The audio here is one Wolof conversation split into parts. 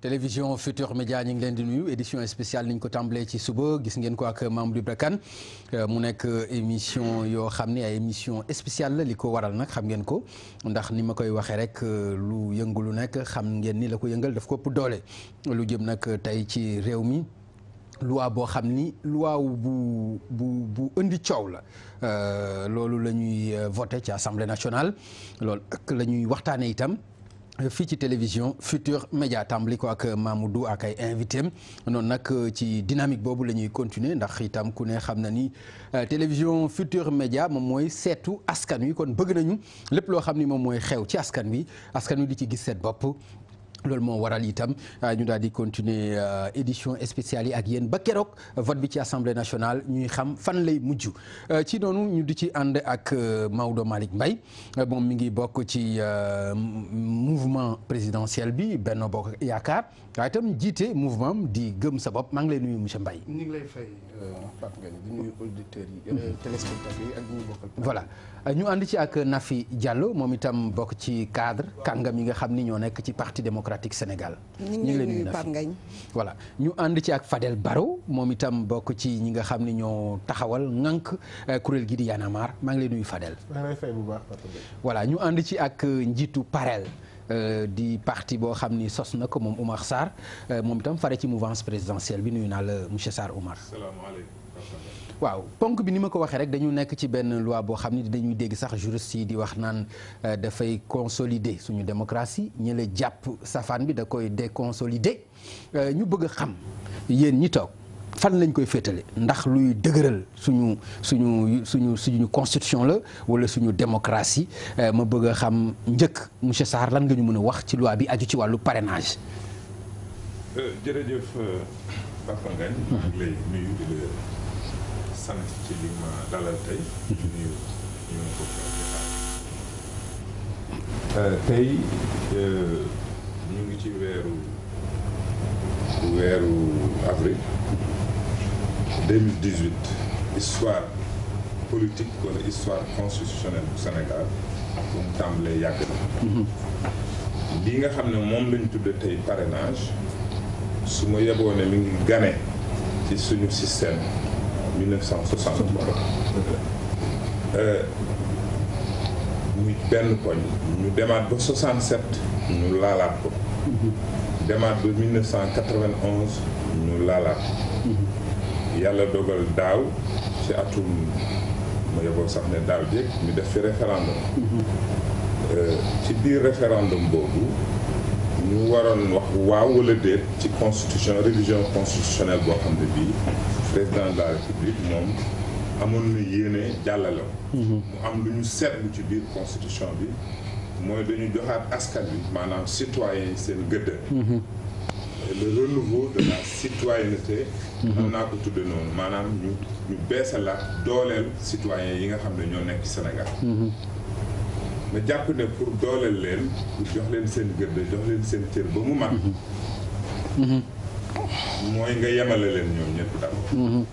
télévision Futur Média ñu ngi leen di nuyu édition spéciale ni ko tàmbalee ci suba gis ngeen ko ak Mamadou Ibra Kane euh, mu nekk émission yoo xam ne ay émission spéciale la li ko waral nag xam ngeen ko ndax ni ma koy waxee rek euh, lu yëngu lu nekk xam ngeen ni la ko yëngal daf ko ëpp doole lu jëm nag tey ci réew mi. loi boo xam ni loi bu bu bu indi coow la euh, loolu la ñuy voté ci assemblée nationale loolu ak la ñuy waxtaanee itam. fii ci télévision Futur Média tàmbali ko ak Mamoudou ak ay invité am noonu nag euh, ci dynamique boobu la ñuy continuer ndax itam ku ne xam na ni euh, télévision future Média moom mooy seetu askan wi kon bëgg nañu lépp loo xam ni moom mooy xew ci askan wi askan wi di ci gis seen bopp loolu moo waral itam euh, ñu daal di continuer euh, édition spéciale yi ak yéen ba keroog vote bi ci assemblée nationale ñuy xam fan lay mujj euh, ci noonu ñu di ci ànd ak Maodo Malick mbay moom mi ngi bokk ci mouvement présidentiel bi Benno Bokk Yaakaar waaye itam jiite mouvement am di gëm sa bopp maa ngi lay nuyu monsieur Mbaye. ñu ngi lay fay euh, Pape Ngagne euh, ñu voilà ñu ànd ci ak Nafi Diallo moom itam bokk ci cadre kàngam yi nga xam ni ñoo nekk ci parti démocratique Sénégal. ñu ngi lay nuyu Pape Ngagne ñu ànd ci ak Fadel Barro moom itam bokk ci ñi nga xam ni ñoo taxawal ŋànk euh, kuréel gi di Yanamar maa ngi lay nuyu Fadel. maa ñu ànd ci ak njiitu Parel. Euh, di partie boo xam ni sos na ko moom Oumar Sarr euh, moom itam fare ci mouvance présidentielle bi nuyu naa la monsieur Sarr Oumar. waaw ponk bi ni ma ko waxee rek dañu nekk ci benn loi boo xam ne dañuy dégg sax juriste yi di wax naan euh, dafay consolider suñu démocratie ñu la jàpp safaan bi da koy déconsolider ñu bëgg a xam yéen ñi toog. fan lañ koy féetale ndax luy dëgëral suñu suñu suñu suñu constitution la wala suñu démocratie euh, ma bëgg a xam njëkk monsieur Sarr lan nga ñu mën a wax ci loi bi aju ci wàllu parrainage. Euh, jërëjëf euh, Papa tey. Mhm. nuyu ngi ci weeru weeru avril. 2018 histoire politique wala histoire constitutionnelle bu Sénégal bu mu tàmbalee yàgg na mhm. lii nga xam ne moom lañ tudde tey parrainage su ma yeboo ne mi ngi gane ci suñu système 1960 euh, muy benn poñ ñu demaat ba 67 ñu laalaat ko mhm. demaat ba 1991 ñu laalaat yàlla dogal daaw ci atum mu yeboo sax ne daaw jéeg ñu def fi référendum euh, ci biir référendum boobu ñu waroon wax waaw wala déet ci constitution révision constitutionnelle boo xam ne bii président de la république moom amoon na yéene jàllale mhm. mu am lu ñu seetlu ci biir constitution bi mooy dañu joxaat askan bi maanaam citoyen seen gëdd mhm. le renouveau de la citoyenneté mhm. am naa ko tudde noonu maanaam ñu ñu beesalaat dooleel citoyen yi nga xam ne ñoo nekk Sénégal mhm. ma jàpp ne pour dooleel leen jox leen seen gëdd jox leen seen cër ba mu mat mhm. mooy nga yemale leen ñoom ñëpp d'abord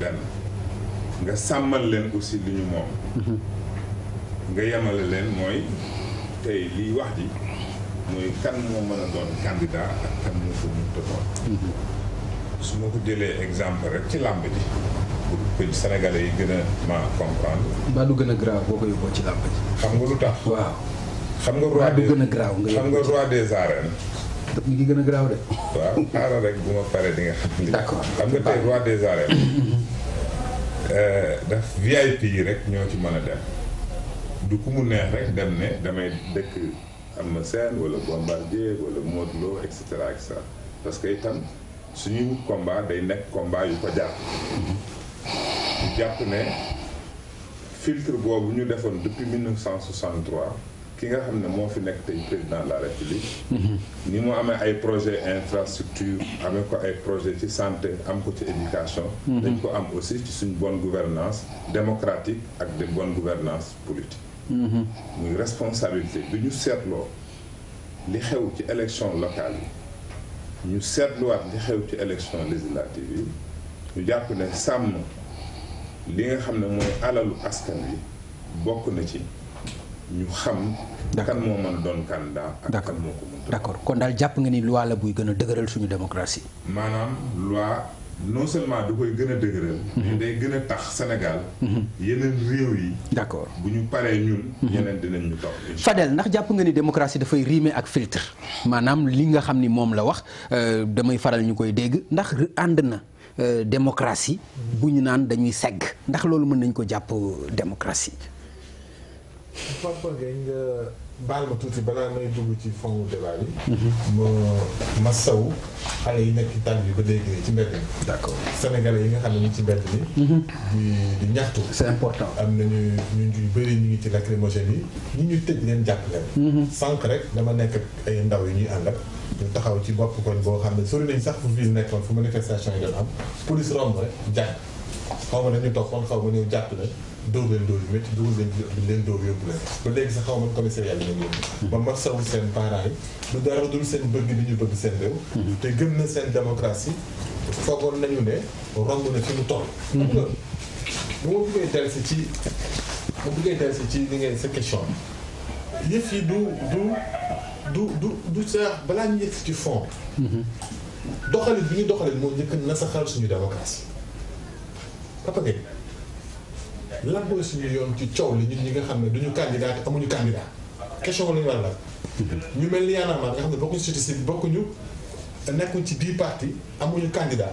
benn nga sàmmal leen aussi li ñu moom nga yemale leen mooy tey liy wax ji mooy kan moo mën a doon candidat ak kan moo ko mën a doon. Mhm. su ma ko jëlee exemple rek ci làmb ji. pour que yi gën a ma comprendre. mbaa du gën a grave boo ko yóbboo ci làmb xam nga lu tax. waaw xam nga roi des gën a grave nga xam nga roi des arènes. ñu gën a grave de. waaw rek bu ma paree di nga xam ni. d'accord xam nga tey roi des arènes. Mhm. Euh, daf VIP yi rek ñoo ci mën a dem. du ku mu neex rek dem ne damay dëkk. am Ama Sène wala Bombardier wala Modou Lo et cetera et cetera parce que itam suñuy wut combat day nekk combat yu ko jàpp jàpp ne filtre boobu ñu defoon depuis 1963 ki nga xam ne moo fi nekk tey président de la république mhm. ni mu amee ay projet infrastructure amee ko ay projet ci santé am ko ci éducation mhm. dañ ko am aussi ci suñ bonne gouvernance démocratique ak de bonne gouvernance politique Mm-hmm. muy responsabilité bi ñu seetloo li xew ci élection locale yi ñu seetluwaat li xew ci élection législative yi ñu jàpp ne sàmm li nga xam ne mooy alalu askan wi bokk na ci ñu xam. kan moo mën doon candidat ak kan moo ko mën. d'accord kon daal jàpp nga ni loi la buy gën a dëgëral suñu démocratie. maanaam loi. non seulement du koy gën a dëgëral. Mhm. mais day gën a tax Sénégal. Mhm. yeneen réew yi. d' bu ñu paree ñun. Mhm. yeneen dinañ ñu topp. Fadel ndax jàpp nga ni démocratie dafay riime ak filtre maanaam li nga xam ni moom la wax euh, damay faral ñu koy dégg ndax ànd na euh, démocratie bu ñu naan dañuy segg ndax loolu mën nañ ko jàpp euh, démocratie. baal ma tuuti balaa may dugg ci fond débat bi. Mhm. ma ma saw xale yi nekk ci tànn bi ba déggee ci mbedd bi. d' accord sénégalais yi nga xam ne ni ci mbedd bi. Mhm. di di ñaxtu. c' important am nañu ñu ñu bëri ñu ngi ci lacrymogène yi ñi ñu tëj leen jàpp leen. Mhm. sànq rek dama nekk ak ay ndaw yi ñuy ànd ak. ñu taxaw ci bopp koñ boo xam ne sori nañ sax fu ville nekkoon fu manifestation yi doon am police romb rek jàpp. xaw ma ne ñu toog kon xaw jàpp leen dóor leen dóor yu métti dóor leen leen dóor yóbbu leen ba léegi sax xaw ma commissariat yi lañ yóbbu ba mat sawul seen parents yi lu dara dul seen bëgg bi ñu bëgg seen réew mhm. te gën na seen démocratie foogoon nañu ne romb na fi mu toll bu ma bëggee dellu si ci ma bëggee dellu si ci li ngay sa question yëf yi du du du du du sax balaa ñu yëg ci fond mhm. doxalin bi ñu doxalin moo njëkk na saxal suñu démocratie Papa Gueye lan mooy suñu yoon ci coow li ñun ñi nga xam ne duñu candidat te amuñu candidat question la ñu war ñu mel ni Y'en a marre nga bokkuñu société civile ci biir parti amuñu candidat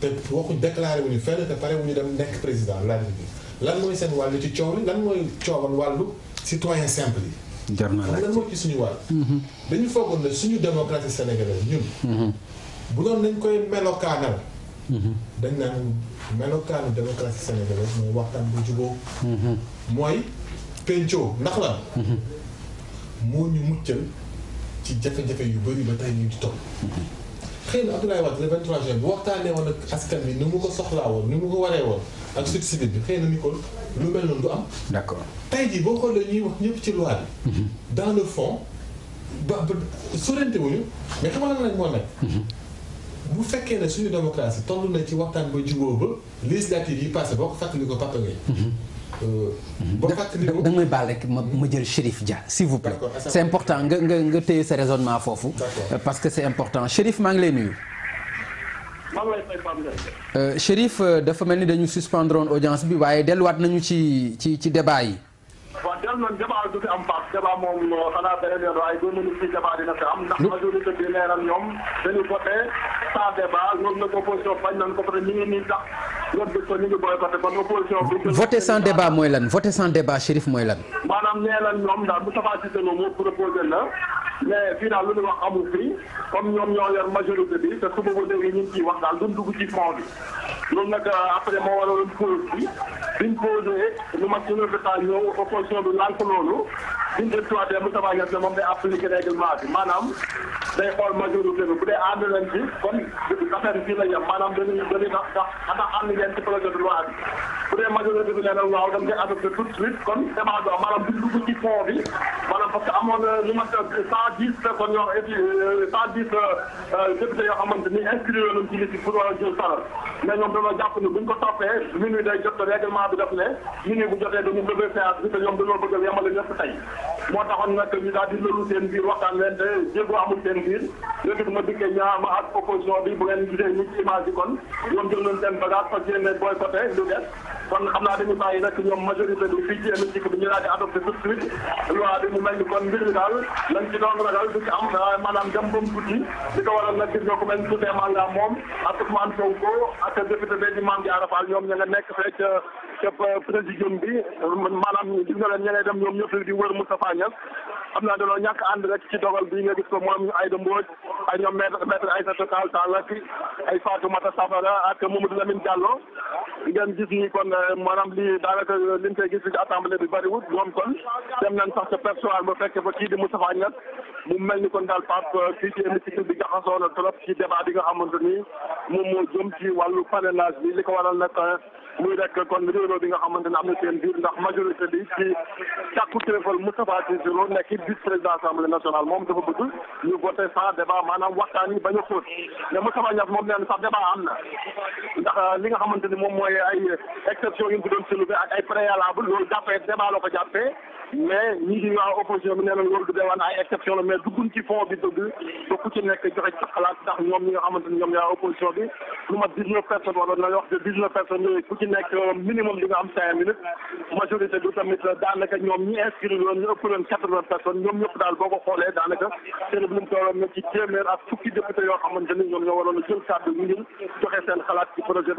te waxuñ déclaré wuñu fenn te pare wuñu dem nekk président laaj bi lan mooy seen wàllu ci coow li lan mooy coowal wàllu citoyen simple yi jar na laaj lan mooy ci suñu wàll mhm. dañu foogoon ne suñu démocratie sénégalaise ñun mhm. bu doon nañ koy melokaanal mhm. dañ naan melokaanu démocratie sénégalaise moo waxtaan bu juboo mhm. mooy pencoo ndax la mhm. moo ñu muccal ci jafe-jafe yu bëri ba tey ñu di toll mhm. xëy na Abdoulaye Wade le 23 bu waxtaanee woon ak askan bi nu mu ko soxlaa woon ni mu ko waree woon ak subside bi xëy na ni kon lu mel noonu du am d'accord tey jii boo xoolee ñuy wax ñëpp ci loi bi dans le fond ba sorente wuñu mais xamal na moo nekk bu fekkee ne suñu démocratie toll na ci waxtaan ba jubóo ba législative yi passé boo ko ko Papa Gueye mhm. euh, da may baal rek ma ma jël Chérif Dia s'il vous plaît c'est important nga nga nga téye sa raisonnement foofu euh, parce que c'est important Chérif maa ngi lay nuyu euh, Chérif dafa mel ni dañu suspendroon audience bi waaye delluwaat nañu ci ci ci débat yi fi am baax débat moom xanaa beneen yoon waaye doon nañu fi débat dina fi am. ndax majorité bi leeral ñoom dañu voté sans débat loolu nag opposition bañ nañ ko mooy lan voté sans débat Chérif mooy lan. maanaam leeral ñoom daal bu Moustapha Cissé Lo moo proposé la mais fii daal lu ñu wax amul fii comme ñoom ñoo yor majorité bi te suba ba léegi ñu ngi ciy wax daal duñ dugg ci fond bi. loolu nag euh, après moo waraloon pause bi biñ posé lu mat une heure de temps ñëw opposition bi lànk loolu. suñ des fois de Moustapha Niasse moom day appliqué règlement bi maanaam day xool majorité bi bu dee ànd nañ ci kon affaire bi fii la yem maanaam dañuy dañuy tax tax ndax ànd ngeen ci projet de loi bi bu dee majorité bi nee na waaw dam koy adopté tout de suite bi maanaam duñ dugg ci fond bi maanaam parce que amoon na lu mat cent dix personnes yoo euh, cent dix euh, députés a buñ ko toppee minuit day jot règlement bi def ne minuit bu jotee dañu lever séance bi te a yemale tey moo taxoon nag ñu daal di lëlu seen biir waxtaan leen te jéego amul seen biir léegi ma dikkee ñaa ma ak opposition bi bu ngeen gisee ñu ci image yi kon ñoom jël nañ seen bagage parce que yéen boycotté lu des kon xam naa dañu bàyyi nag ñoom majorité bi fii ci hémicycle bi ñu daal di adopté tout de suite loi bi mu mel ni kon mbir mi daal lañ ci doon ragal du ci am maanaam dem ba mu tuuti di ko waral nag gis nga ku mel ni Toussaint Manga moom ak Ousmane Sonko ak député bi di Mame Diarra Fall ñoom ña nga nekk fee ca ca présidium bi maanaam gis nga leen ña ngay dem ñoom ñëpp di wër Moustapha Moustapha Niass xam naa dañoo ñàkk ànd rek ci dogal bii nga gis ko moom Aïda Mbodj ay ñoom maître maître Aïssata Tall Sall ak ay Fatoumata Safara ak Mamadou Lamine Diallo ngeen gis ni kon euh, maanaam lii daanaka euh, liñ koy gis ci assemblée bi bariwut moom kon dem nañ sax ca persoal ba fekk fa kii di Moustapha Niass mu mel ni kon daal Pape euh, fii ci hémicycle bi jaxasoo na trop ci débat bi nga xamante ni moom moo jëm ci wàllu parrainage bi li ko waral nag muy rek kon réeróo bi nga xamante ne am na seen biir ndax majorité bi ci càkku téléphone Moustapha Cissé Lo nekk vice président assemblée nationale moom dafa bëgg ñu voté sans débat maanaam waxtaan yi bañ a xóot mais Moustapha Niass moom nee na sax débat am na ndax euh, li nga xamante ni moom mooy ay exception yu ñu ko doon soulevé ak ay préalable loolu jàppee débat la ko jàppee mais ñii di waa opposition bi nee nañ loolu du dee waan ay exception la mais dugguñ ci fond bi dëgg ba ku ci nekk joxe sa xalaat ndax ñoom ñi nga xamante ni ñoom ñooy opposition bi lu mat dix neuf personnes wala nañ wax de dix neuf personnes yooyu ku ci euh, minimum di nga am cinq minutes majorité bi tamit euh, daanaka ñoom ñi inscrire loon ñu ëpp leen quatre vingt personnes ñoom ñëpp daal boo ko xoolee daanaka seen bu mu tolloon na ci téeméer ak fukki député yoo xamante ni ñoom a jël kàddu ñu ngi joxe seen xalaat ci projet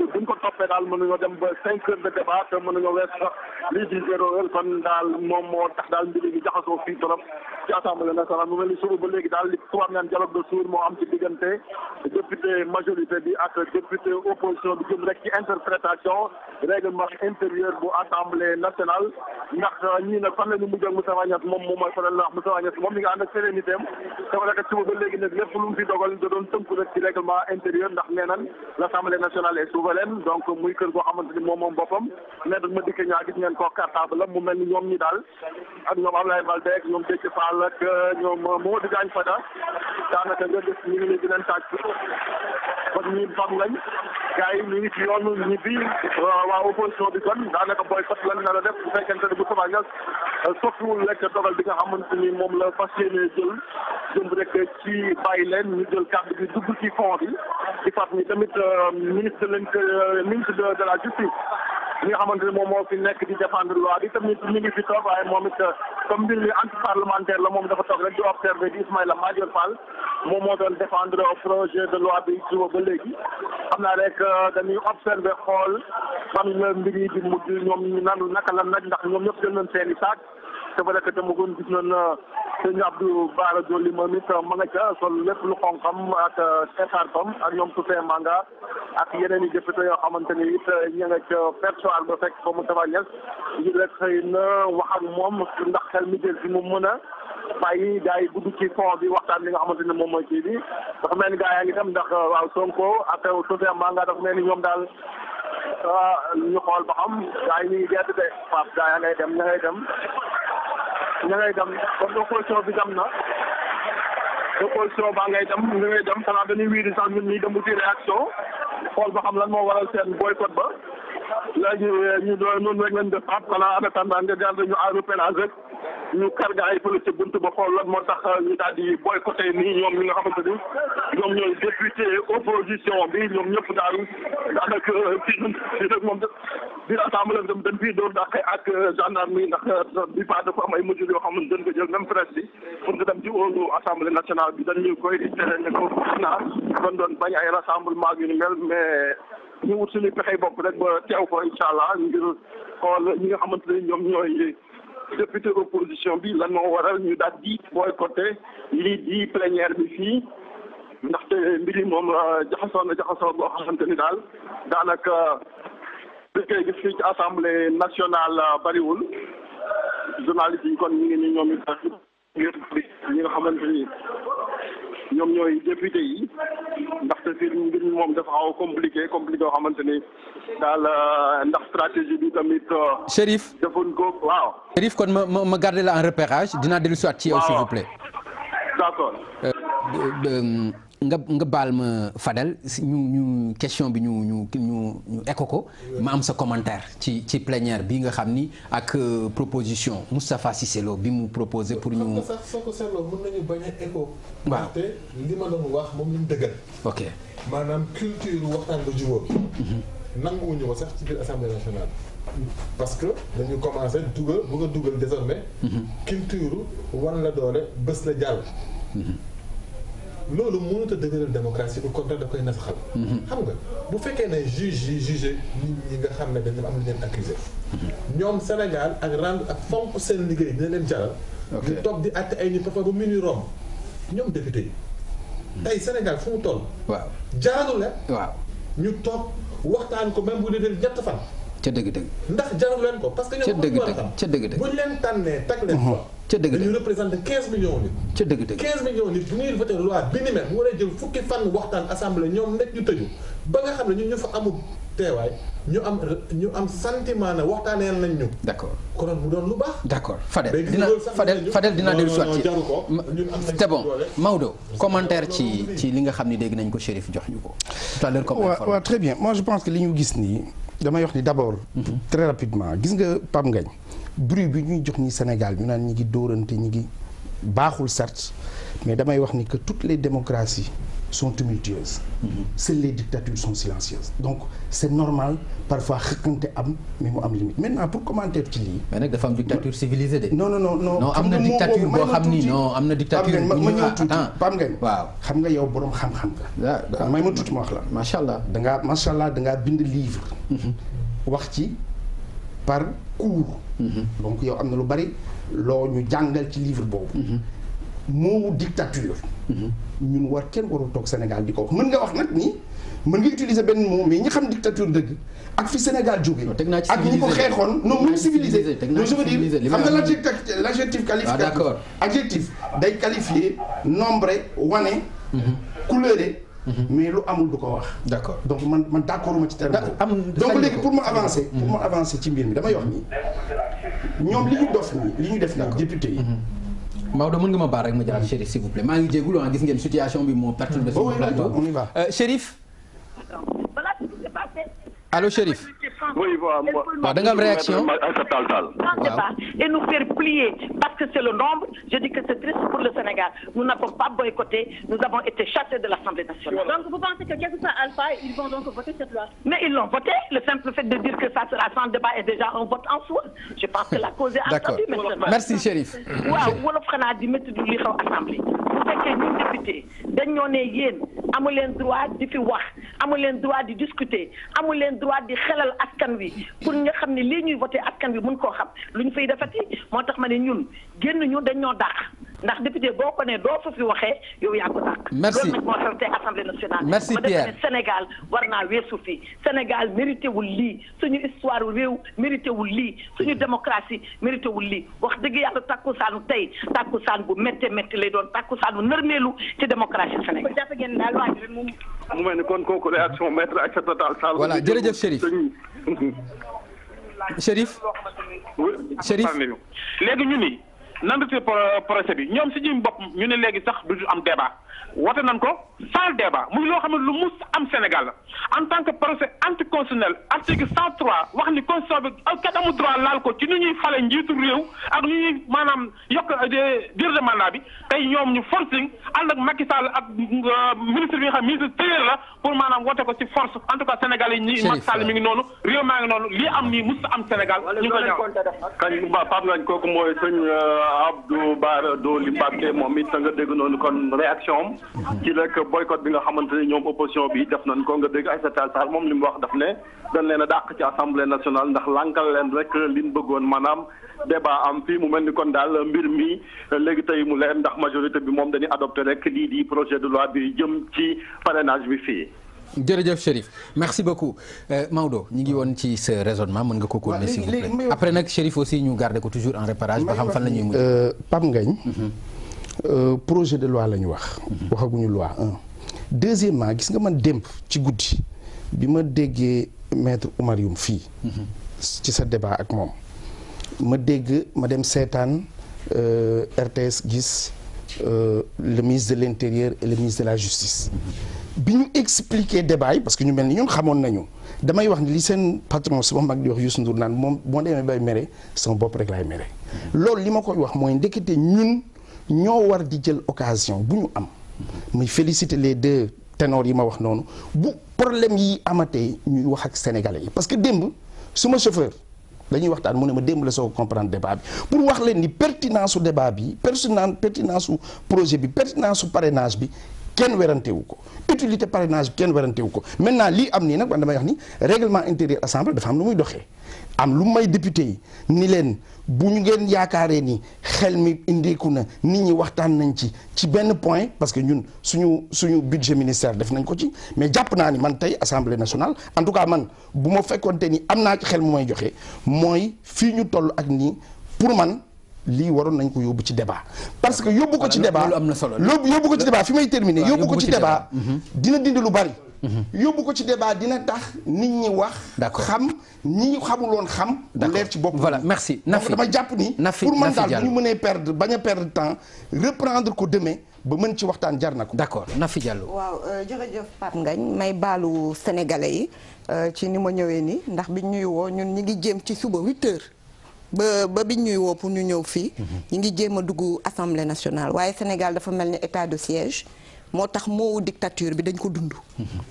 ni buñ ko toppee daal mën mën nañoo weesu sax lii di zéro heure kon daal moom moo tax daal mbir gi jaxasoo fii trop ci assemblée nationale mu mel ni suba ba léegi daal li tubaab naan dialogue de sourds moo am ci diggante député majorité bi ak député opposition bi jëm rek ci interprétation règlement intérieur bu assemblée nationale ndax ñii nag fan la ñu mujj ak moom moom mooy fan la wax Moustapha moom mi nga ànd ak sérénité am dafa nekk suba ba léegi nag lépp lu mu fi dogal da doon tënku rek ci règlement intérieur ndax nee Cheikh ma dikkee ñaa gis ngeen ko cartable la mu mel ni ñoom ñi daal ak ñoom Ablaye Balde ak ñoom Déthié Fall ak euh, ñoom euh, Modou Diagne Fada daanaka nga gis ñu ngi nii di leen tàcc kon ñi bam lañ gars yi ñu ngi ci yoonu ñi bi euh, waa opposition bi kon daanaka boycott lañ na la def bu fekkente ne bu sabañas soppiwul rek dogal bi nga xamante ni moom la fas yéene jël jëm rek ci bàyyi leen ñu jël kàddu bi dugg ci fond bi di fàttali tamit ministre de ministre de la justice li nga xamante ne moom moo fi nekk di défendre loi bi tamit mu ngi fi toog waaye moom it comme mbir mi anti la moom dafa toog rek di observé di Ismaïla Madior Fall moom moo doon défendre projet de loi bi suba ba léegi xam naa rek euh, dañuy observé xool xam la mbir yi di mujj ñoom ñu nanu naka la nag ndax ñoom ñëpp jël nañ seen i saak te ba rek dama koon gis noonu sëñ Abdou Bara Dolly moom it ma nga ca sol lépp lu xonqam ak écharpam ak ñoom Toussaint Manga ak yeneen i député yoo xamante ni it ña nga ca perchoir ba fekk ko mu tabañes ngir rek xëy na wax ak moom ndax xel mi jël mu mën a bàyyi gars yi gudd ci fond bi waxtaan li nga xamante ne moom mooy kii bi dafa mel ni gars yaa ngi dem ndax uh, waaw Sonko ak uh, Toussaint Manga dafa mel ni ñoom daal luñu uh, xool ba xam gars yi ñu ngi dem ña ngay dem comme opposition bi dam na opposition baa ngay dem ñu ngay dem xanaa dañuy wiiri sax ñun ñii dem uti réaction xool ba xam lan moo waral seen boycott ba léegi eh, ñu doon noonu rek lañ def ab xanaa en attendant nga daal ñu à karga ay fële ca bunt ba xool lan moo tax euh, ñu daal di ni nii ñoom ñi nga xamante ni ñoom ñooy député opposition bi ñoom ñëpp daal daanaka euh, fii fii nag moom biir assemblée dem dañ fii doon dàqe ak euh, gendarme yi ndax bi pas dafa am ay mesures yoo xam ne dañ ko jël bi pour nga dem ci au assemblée nationale koy tere ne ko naa doon doon bañ ay rassemblement mel mais ñu wut suñuy pexey bopp rek ba teew ko incha allah ngir xool ñi nga xamante ne ñoom ñooy député opposition bi lan moo waral ñu daal di boycotté lii di plénière bi fii ndaxte mbir yi moom euh, jaxasoo na jaxasoo boo xamante ni daal daanaka biñ koy gis fii bariwul journaliste yi kon ñu ngi ni ñoom it ngir ñi nga xamante ni ñoom ñooy député yi ndaxte fi mbir moom dafa xaw a compliqué compliqué yoo xamante ni daal euh, ndax stratégie bi tamit. Euh, Chérif defoon ko waaw. Chérif kon ma ma ma la en repérage dinaa dellu si waat ci yow s'il vous plaît. d'accord. Euh, nga nga baal ma Fadel si ñu ñu question bi ñu ñu ñu ñu écho ko ma am sa commentaire ci ci plénière bi nga xam ni ak euh, proposition Moustapha Cissé Lo bi mu proposé pour ñu. xam sax soo ko seetloo mën nañu bañ a écho. waaw te li ma doon wax moom lañ dëggal. ok maanaam culture waxtaan ba jubóo bi. Mhm. nanguwuñu ko sax ci biir assemblée nationale. parce que dañu commencé dugal bëgg a dugal désormais mhm. culture wan la doole bés la jàll. Mhm. loolu mënut a dëgëral démocratie au contraire da koy nasaxal. xam nga bu fekkee ne juge yi juge ñi nga xam ne dañu am lu leen accusé ñoom Sénégal ak rendre ak fonk seen liggéey dina leen jaral. di toog di at ay ñu papa ba minuit romb ñoom député yi. Hmm. Sénégal fu mu waaw jaaralul la. waaw ñu toog waxtaan ko même bu dee ñett fan. ca dëgg dëgg. ndax jaarul leen ko parce que ñoom. ca dëgg dëgg ca dëgg dëgg buñ leen tànnee tag leen fa. ca dëgg dëgg dañu représenté 15 millions nit. ca dëgg dëgg 15 millions nit ñuy voté loi bi ni mu war a jël fukki fànn waxtaan assemblée ñoom nekk ñu tëju ba nga xam ne ñun ñu fa amul teewaay ñu am ñu am sentiment nañ ñu. d' accord konoon mu lu baax. d' accord Fadel dina Fadel dinaa dellu si waat ci c' est bon Maodo commentaire ci ci li nga xam ne dégg nañ ko Chérif jox ñu ko. tout à l' heure comme moi je pense que li ñu gis nii damay wax ni d' abord. Mhm. très rapidement gis nga Pape Ngagne bruit bi ñuy jox ni Sénégal ñu naan ñi ngi doorante ñi ngi baaxul certes mais damay wax ni que toutes les démocraties sont tumultueuses mm-hmm. seules les dictatures sont silencieuses donc c'est normal parfois xëkkante am mais mu am limite maintenant pour commentaire ci lii mais nag dafa am dictature civilisée de non non non non am na dictature boo xam ni non am na dictature ma ñëw ah, tuuti pam ngeen waaw nga yow xam-xam nga ah, ah. may ma tuuti ma wax la macha allah dangaa macha allah dangaa bind livre mm-hmm. wax ci par cours Mm-hmm. donc yow am na lu bari loo ñu jàngal ci livre boobu. Mm-hmm. moomu dictature. Mm-hmm. ñun war kenn warul toog Sénégal di ko wax mën nga wax nag nii mën nga utiliser benn mot mais ñi xam dictature dëgg ak fi Sénégal jóge ak ñu ko xeexoon non même civilisé donc je veux dire xam nga l' adjectif ah, qualificatif adjectif day qualifier nombre wane couleur Mhm. mais lu amul du ko wax. d' accord donc man man d' ma ci terme boobu. donc léegi pour ma mhm. avancer. pour ma avancer ci mbir mi damay wax nii. ñoom li ñu dof nii li ñu def nii député yi. Mhm. Maodo mën nga ma baal rek ma jàllale Chérif s'il vous plaît maa ngi jégalu ah gis ngeen situation bi moo perturbé. Oh, on y va plateau Chérif. allo Chérif. oui waaw waaw da nga am réaction et nous faire plier parce que c'est le nombre je dis que c'est triste pour le Sénégal nous n'avons pas boycotté nous avons été chassés de l'Assemblée nationale. donc vous pensez que le simple fait de dire que ça sera débat est déjà un vote en soi je pense que la cause entendue. merci Chérif. waaw wolof xanaa di métti du ne yéen amu droit di fi wax droit di discuter amu droit di xelal askan wi pour nga xam ne lii ñuy voté askan wi mun koo xam lu ñu fay defati moo tax ma ne ñun génn ñu dañ ñoo dàq ndax député boo ko ne doo fa fi waxee yow yaa ko dàq. merci loolu nag moo xew tey assemblée nationale. merci Pierre ma ne Sénégal war naa weesu fii Sénégal mérité wul lii suñu histoire réew mérité wul lii suñu démocratie mérité wul lii wax dëgg yàlla tàkkusaanu tey tàkkusaan bu méttee métti lay doon tàkkusaanu nërmeelu ci démocratie Sénégal. mu mel ni kon kooku réaction maître Aïssata Tall Sall. voilà jërëjëf Chérif. Chérif. Chérif léegi ñu ni nan la procès bi ñoom si ñun bopp ñu ne léegi sax du am débat. wote nañ ko sans débat muy loo xam ne lu mus am Sénégal la en tant que procès anticonstitutionnel article cent trois wax ni constitution bi kenn amul droit laal ko ci nu ñuy fale njiitu réew ak nu ñuy maanaam yokk diir euh, de mandat bi tey ñoom ñu forcing ànd ak Macky Sall ak euh, ministre bi nga xam ministre mi ngi noonu réew maa ngi noonu lii am nii mus am Sénégal ñu ko ñaaw kañ kooku mooy sëñ euh, Abdou Bara Dolly Mbacké moom it nga dégg noonu kon réaction ñoom ci rek boycott bi nga xamante ne ñoom opposition bi def nañ ko nga dégg Aïssata Tall Sall moom li mu wax daf ne dañ leen a dàq ci assemblée nationale ndax lànkal leen rek liñ bëggoon maanaam débat am fii mu mel ni kon daal mbir mi léegi tey mu leen ndax majorité bi moom dañuy adopté rek lii di projet de loi bi jëm ci parrainage bi fii jërëjëf Chérif merci beaucoup euh, Maodo ñu ngi woon ci sa raisonnement mën nga ko continuer s'il vous plaît après nag Chérif aussi ñu garder ko toujours en réparage ba xam fan la ñuy euh, Euh, projet de loi la ñu wax. waxaguñu loi un. deuxièmement gis nga man démb ci guddi bi ma déggee maître Oumar fii. Mhm. ci sa débat ak moom. ma dégg ma dem seetaan euh, RTS gis euh, le ministre de l'intérieur et le ministre de la justice. Mhm. bi ñu expliqué débat parce que ñu mel ni ñun xamoon nañu damay wax ni li seen patron sama mag di wax Youssou Ndour naan moom moo demee bay mere sama bopp rek lay mere. Mhm. loolu li ma koy wax mooy ndekete ñun. ñoo war di jël occasion bu ñu am muy féliciter les deux ténors yi ma wax noonu bu problème yi amatee ñuy wax ak sénégalais yi parce que démb ma chauffeur dañuy waxtaan mu ne ma démb la soo comprendre débat bi pour wax leen ni pertinence su bi pertinence pertinence su projet bi pertinence su parrainage bi kenn werante wu ko utilité parrainage bi kenn werante wu ko maintenant lii am nii nag man damay wax ni règlement intérieur assemblée dafa am lu muy doxee. am lu may député yi ni leen bu ñu ngeen yaakaaree ni xel mi indiku na nit ñi waxtaan nañ ci ci benn point parce que ñun suñu suñu budget ministère def nañ ko ci mais jàpp naa ni man tey assemblée nationale en tout cas man bu ma fekkonte ni am naa ci xel mu may joxe mooy fii ñu toll ak nii pour man lii waroon nañ ko yóbbu ci debaa parce que yóbbu ko ci débat loolu am na solo yóbbu ko ci débat fi may terminer yóbbu ko ci débat mhm. dina dindi lu bari Mhm. yóbbu ko ci débat dina tax nit ñi wax. d'accord xam ñi ñu xamul woon xam. d'accord leer ci bopp voilà merci. Nafi dama jàpp ni. Nafi pour man daal bu ñu mënee perdre bañ a perdre temps reprendre ko demain. ba mën ci waxtaan jar na ko. d'accord Nafi Diallo. waaw euh, jërëjëf Pape ngañ may baalu sénégalais yi euh, ci ni ma ñëwee nii ndax biñ ñuy woo ñun ñu ngi jéem ci suba huit heures ba ba biñ ñuy woo pour ñu ñëw fii. Mhm. ñu ngi jéem a dugg assemblée nationale waaye Sénégal dafa mel ni état de siège. moo tax moowu dictature bi dañ ko dund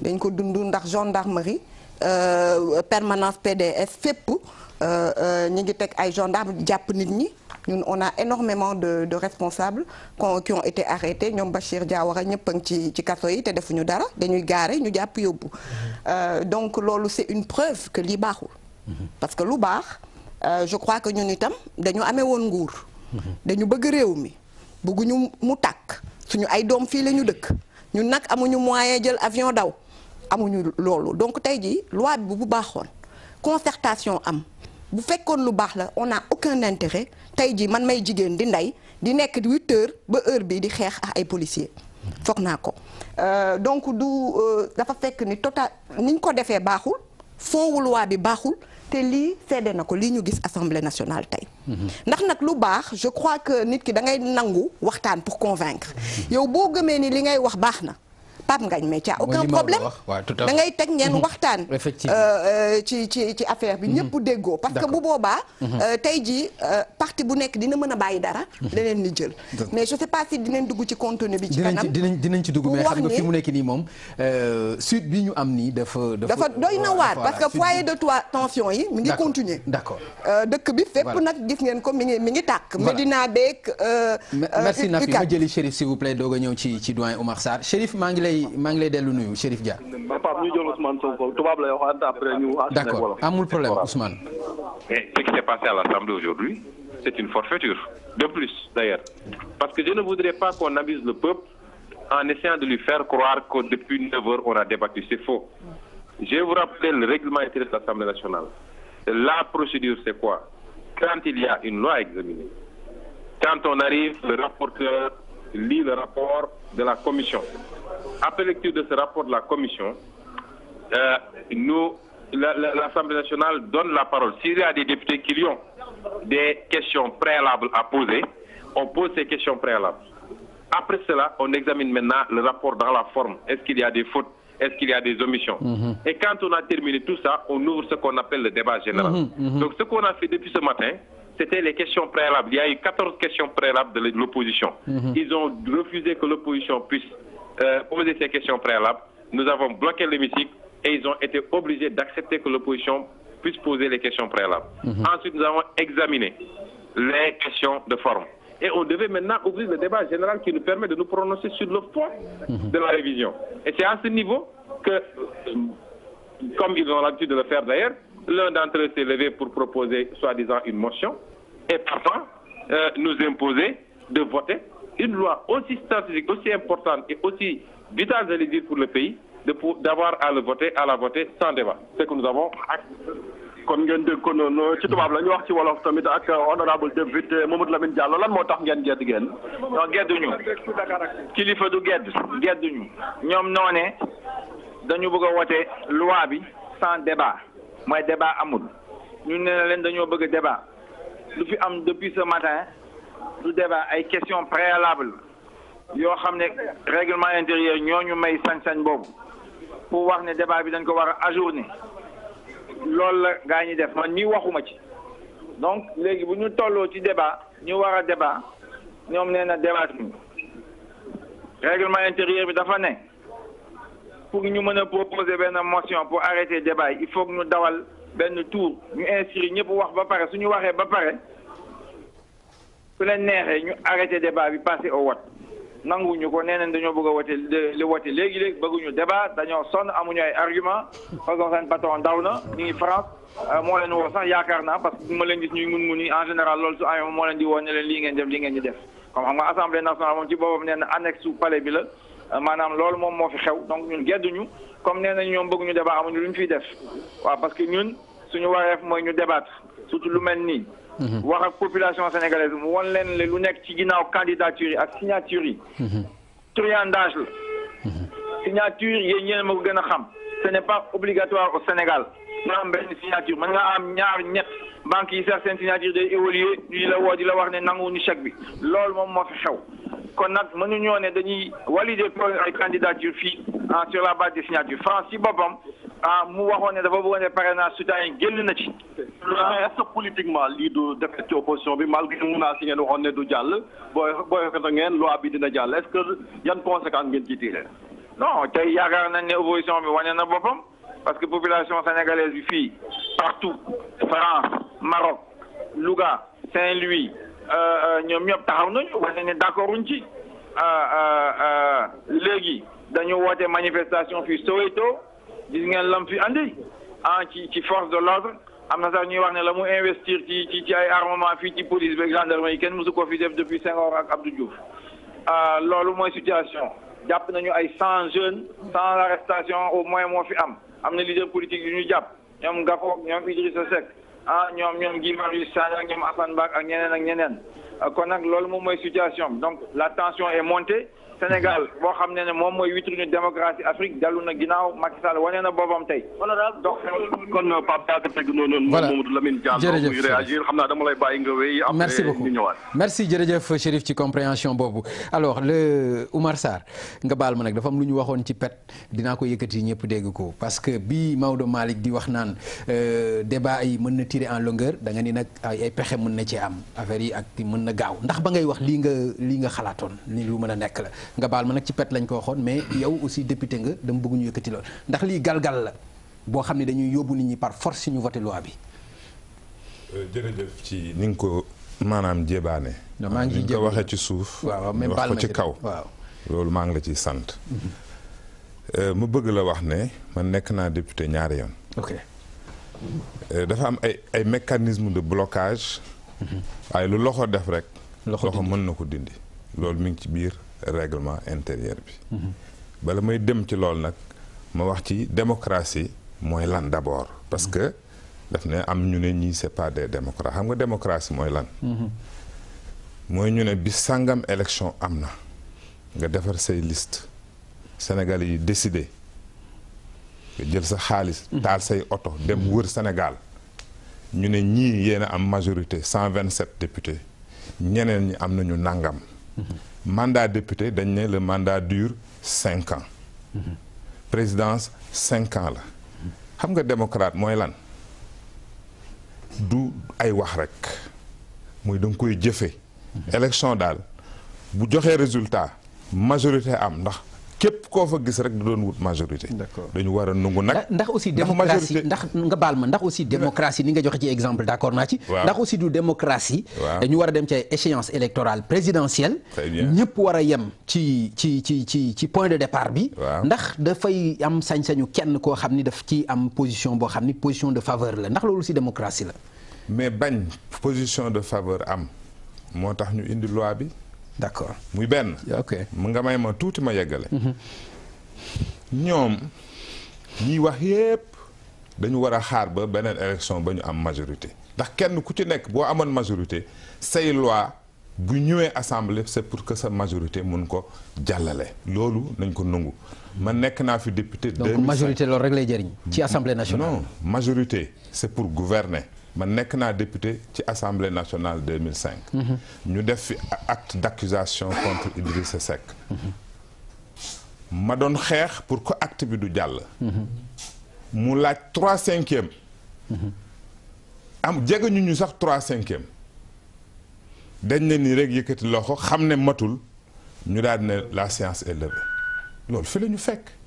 dañ ko dund ndax gendarmerie euh, permanence PDS fépp euh, euh, ñu ngi teg ay gendarme jàpp nit ñi ñun on a énormément de de responsables qui ont été arrêtés ñoom Bachir Diawara ñëpp a ngi ci ci kaso yi te defuñu dara dañuy gaare ñu jàpp yóbbu mmh. donc loolu c'est une preuve que lii baaxul mmh. parce que lu baax je crois que ñun itam dañu amee woon nguur mmh. dañu bëgg réew mi bëgguñu mu tàkk suñu ay doom fii la ñu dëkk ñun nag amuñu moyen jël avion daw amuñu loolu donc tey jii loi bi bu baaxoon concertation am bu fekkoon lu baax la on n'a aucun intérêt tey jii man may jigéen di ndey di nekk huit heures ba heure bii di xeex ay policiers foog naa ko euh, donc du euh, dafa fekk ni total niñ ko defee baaxul fond loi bi baaxul te lii seede na ko lii ñu gis assemblée nationale tey. ndax nag lu baax je crois que nit ki da ngay nangu waxtaan pour convaincre mm-hmm. yow boo gëmee ni li ngay wax baax na. Pape Ngagne mais y a aucun problème da ngay teg ngeen waxtaan euh, euh, ci affaire bi mhm. ñëpp déggoo parce que bu boobaa mhm. euh, tey jii parti bu nekk dina mën a bàyyi dara mhm. leneen li jël mais je sais pas si dugg ci contenu bi ci kanam dinañ dinañ ci dugg mais xam nga fi mu nekk nii moom suite bi ñu nag gis ngeen ko mi ngi mi ngi tàkk beek merci Nafi ma jëli Chérif s'il vous plaît doog a ñëw ci ci doyen Omar Sarr maa ngi lay lay maa ngi lay dellu nuyu Chérif Dia. Pape ñu jël Ousmane Sonko tubaab lay wax après ñu. d'accord amul problème Ousmane. ce qui s'est passé à l'Assemblée aujourd'hui c'est une forfaiture de plus d'ailleurs parce que je ne voudrais pas qu'on abuse le peuple en essayant de lui faire croire que depuis neuf heures on a débattu c'est faux je vous rappeler le règlement intérieur de l'Assemblée nationale la procédure c'est quoi quand il y a une loi à examiner quand on arrive le rapporteur lit le rapport de la commission après lecture de rapport la commission, euh, nous, l'Assemblée la, la, nationale donne la parole. S'il y a des députés qui ont des questions préalables à poser, on pose ces questions préalables. Après cela, on examine le rapport dans la forme. Est-ce qu'il y a des fautes Est-ce qu'il y a des omissions mhm. Et quand on a terminé tout ça, on ouvre ce qu'on appelle le débat général. Mhm, mhm. Donc ce qu'on a fait depuis ce matin, c'était les questions préalables. Il y a eu 14 questions préalables de euh, posé ces questions préalables. Nous avons bloqué l'hémicycle et ils ont été obligés d'accepter que l'opposition puisse poser les questions préalables. Mhm. Ensuite, nous avons examiné les questions de forme. Et on devait maintenant ouvrir le débat général qui nous permet de nous prononcer sur le fond mhm. de la révision. Et c'est à ce niveau que, comme ils ont l'habitude de le faire d'ailleurs, l'un d'entre eux s'est levé pour proposer soi-disant une motion et parfois une loi aussi stratégique, aussi importante et aussi vitale, j'allais dire, pour le pays, d'avoir à le voter, à la voter sans débat. C'est que nous ak kon ngeen dégg ko noonu ci tubaab la ñu wax ci wolof tamit ak honorable député Mamadou Lamine Diallo lan moo tax ngeen gedd ngeen. non gedduñu kilifa du gedd gedduñu ñoom noo ne dañu bëgg a wote loi bi sans débat mooy débat amul ñu ne leen dañoo bëgg débat lu fi am depuis ce matin. du débat ay question préalable yoo xam ne règlement intérieur ñooñu may sañ-sañ boobu pour wax ne débat bi dañ ko war a ajourner loolu la gaa ñi def man ñi waxuma ci donc léegi bu ñu tolloo ci débat ñu war a débat ñoom nee na débat bi règlement intérieur bi dafa ne pour ñu mën a proposer benn motion pour arrêter débat yi il faut que ñu dawal benn tour ñu inscrire ñëpp wax ba pare suñu waxee ba pare su leen neexee ñu arrêté débat bi passé au vote nanguñu ko nee nañ dañoo bëgg a wote li wote léegi léegi bëgguñu débat dañoo sonn amuñu ay argument parce que seen patron daw na ñu ngi France euh, moo leen woo sax yaakaar naa parce que ma leen gis ñuy mun mun en général loolu su amee moo leen di woo ne leen lii ngeen def lii ngeen di def comme xam nga assemblée nationale moom ci boppam nee na annexe su palais bi la euh, maanaam loolu moom moo fi xew donc ñun gedduñu comme nee nañ ñoom bëgguñu débat amuñu lu ñu fiy def waaw parce que ñun suñu wareef mooy ñu débat surtout lu mel nii Mhm. wax ak population sénégalaise mu wan leen le lu nekk ci ginnaaw candidature yi ak signature yi. Mhm. triandage la. Mhm. signature yéen ñeneen ma ko gën a xam ce n'est pas obligatoire au Sénégal nga am benn signature mën nga am ñaar ñett banques yi sax seen signature day évoluer ñu di la woo di la wax ne nanguwuñu chèque bi loolu moom moo fi xew. kon nag mënuñoo ne dañuy valider ay candidature fii ah sur la base des signatures France ci boppam ah mu waxoon ne dafa bëggoon ne parrainage soudan yi génn na ci. mais est-ce que politiquement lii du defet ci opposition bi malgré menaces yi ngeen waxoon ne du jàll booy booy waxee ngeen loi bi dina jàll est-ce que yan conséquences ngeen ciy tiré. non tey yaakaar nañ ne opposition bi wane na boppam parce que population sénégalaise bi fii partout France Maroc Louga Saint-Louis. ñoom ñëpp taxaw nañu wane ne d'accord uñ ci euh, euh, euh, léegi dañu woote manifestation fii Soweto gis ngeen lam fi andi ah ci ci force de l'ordre am na sax ñuy wax ne la mu investir ci ci ci ay armement fii ci police beeg gendarmerie kenn mosu ko fi def depuis Senghor ak Abdou Diouf loolu mooy situation jàpp nañu ay cent jeunes sans arrestation au moins moo fi am am na leader politique yu ñu jàpp ñoom Gafo ñoom Idrissa Seck ah ñoom ñoom Guy Marius Sagna ak ñoom Assane Mbacké ak ñeneen ak ñeneen ah, kon nag loolu moom mooy situation donc la tension est montée Sénégal boo xam ne ne moom mooy vitrine démocratie Afrique dellu na ginnaaw Macky Sall wane na boobam tey. donc kon euh, Pape Diakhaté fekk noonu. voilà Mamadou Lamine muy réagir xam naa dama lay bàyyi nga wéy. merci merci jërëjëf Chérif ci compréhension boobu alors le Oumar Sarr nga baal ma nag dafa am lu ñu waxoon ci pet dinaa ko yëkkati ñëpp dégg ko parce que bii Maodo Malick di wax naan euh, débat ay mën na tiire en longueur da nga ni nag ay pexe mën na ci am affaire yi ak mën na gaaw ndax ba ngay wax lii nga lii nga xalaatoon ni lu mën a nekk la nga baal ma nag ci pet lañ ko waxoon mais yow aussi député nga dama bëgg ñu yëkkati lool ndax lii galgal la boo xam ne dañuy yóbbu nit ñi par force ñu voté loi bi. Euh, jërëjëf ci ni nga ko maanaam jébaane. maa ngi ko waxee ci suuf. waaw même baal ci kaw waaw. loolu maa ngi la ciy sant. mu mhm. euh, bëgg la wax ne man nekk naa député ñaari yoon. Euh, dafa am ay ay mécanisme de blocage. Mhm. waaye lu loxo def rek. loxo mën na ko dindi. loolu mu ngi ci biir règlement intérieur bi. Mhm. bala may dem ci loolu nag ma wax ci démocratie mooy lan d'abord. parce mhm. que daf ne am ñu ne ñii c'est pas des démocrates xam nga démocratie mooy lan. Mhm. mooy ñu ne bi sàngam élection am na nga defar say list Sénégal yi décidé nga jël sa xaalis. taal say oto dem wër Sénégal. ñu ne ñii yéen a am majorité cent vingt sept députés ñeneen ñi am nañu nàngam. mandat député dañ ne le mandat dure cinq ans mhm. présidence cinq ans la xam nga démocrate mooy lan du ay wax rek mooy da nga koy jëfe mhm. élection daal bu joxee résultat majorité am ndax képp koo fa gis rek da doon wut majorité. dañu war a nangu nag. ndax aussi démocratie ndax nga baal ma ndax aussi démocratie ni nga joxe ci exemple d' accord naa ci. ndax aussi du démocratie. dañu war a dem ci ay échéance électorale présidentielle. ñëpp war a yem ci ci ci ci ci point de départ bi. ndax dafay am sañ-sañu kenn koo xam ni daf ci am position boo xam ni position de faveur la ndax loolu aussi démocratie la. mais bañ position de faveur am moo tax ñu indi loi bi. d' accord muy benn. ok mu nga may ma tuuti ma yeggale. Mhm. ñoom ñiy wax yépp dañu war a xaar ba beneen élection ba ñu am majorité ndax kenn ku ci nekk boo amoon majorité say loi bu ñëwee assemblée c' pour que sa majorité mun ko jàllale loolu nañ ko nangu. man nekk naa fi député. 2005 majorité loolu rek lay jëriñ. ci assemblée nationale non majorité c' est pour gouverner. man nekk naa député ci assemblée nationale 2005. ñu def fi acte d'accusation contre Idrissa Seck. ma doon xeex pour que acte bi du jàll. mu laaj trois cinquième. am jege ñu ñu sax trois cinquième. dañ ne nii rek yëkkati loxo xam ne matul ñu daal ne la séance est loolu fi lañu ñu fekk.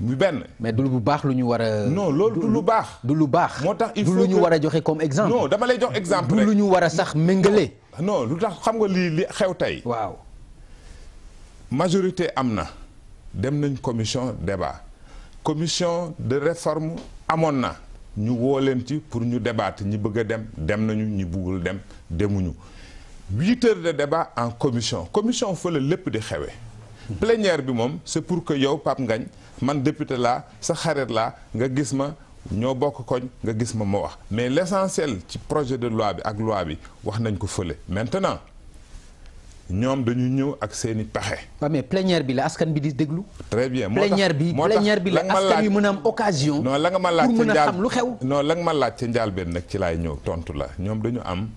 mu benn mais du lu baax lu ñu war a. non loolu du lu baax. du lu baax moo tax il faut que lu ñu war a joxe comme exemple. non dama lay jox exemple rek du lu ñu war a sax méngale. non lu tax xam nga lii li xew tey. waaw. majorité am na. dem nañ commission débat commission de réforme amoon na. ñu woo leen ci pour ñu débat ñi bëgg a dem dem nañu ñi buggul dem demuñu huit heures de débat en commission commission fële lépp di xewee. plenière bi moom c'est pour que yow Pape Ngagne man député laa sa xarit laa nga gis ma ñoo bokk koñ nga gis ma ma wax mais l'essentiel ci projet de loi bi ak loi bi wax nañ ko fële maintenant ñoom dañu ñëw ak seeni pexe. waaw mais bi la askan bi di déglu. très bien moo tax plénière bi plénière bi la askan wi mën a am occasion. non la nga ma laaj pour mën a xam lu xew. non la nga ma laaj nag ci laay ñëw tontu la ñoom dañu am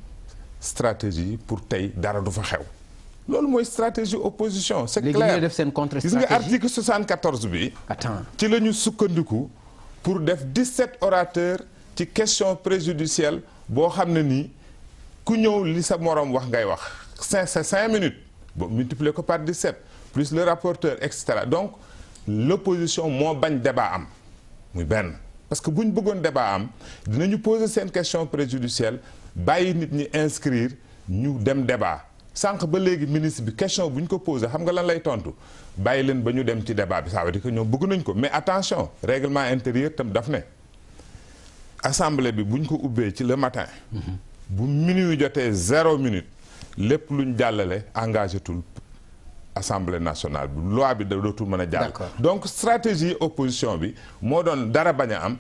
stratégie pour tey dara du fa xew. loolu mooy stratégie opposition. c'est clair léegi def seen contre stratégie gis nga article 74 bi. attends ci la ñu sukkandiku pour def dix 17 orateurs ci question préjudicielle boo xam ne nii ku ñëw li sa moroom wax ngay wax. cinq c'est cinq minutes boo multiplier ko par 17 plus le rapporteur et cetera donc l'opposition moo bañ débat am muy benn. parce que bu ñu bëggoon débat am ñu poser seen question préjudicielle bàyyi nit ñi inscrire ñu dem débat sànq ba léegi ministre bi question bu ñu ko posé xam nga lan lay tontu bàyyi leen ba ñu dem ci débat bi ça veut dire que ñoom bëgg nañ ko mais attention règlement intérieur tam daf ne assemblée bi bu ñu ko ubbee ci le matin. bu minuit jotee zéro minute lépp lu luñ jàllale engagé tul assemblée nationale bi loi bi da dootul mën a jàll. donc stratégie opposition bi moo doon dara bañ a am.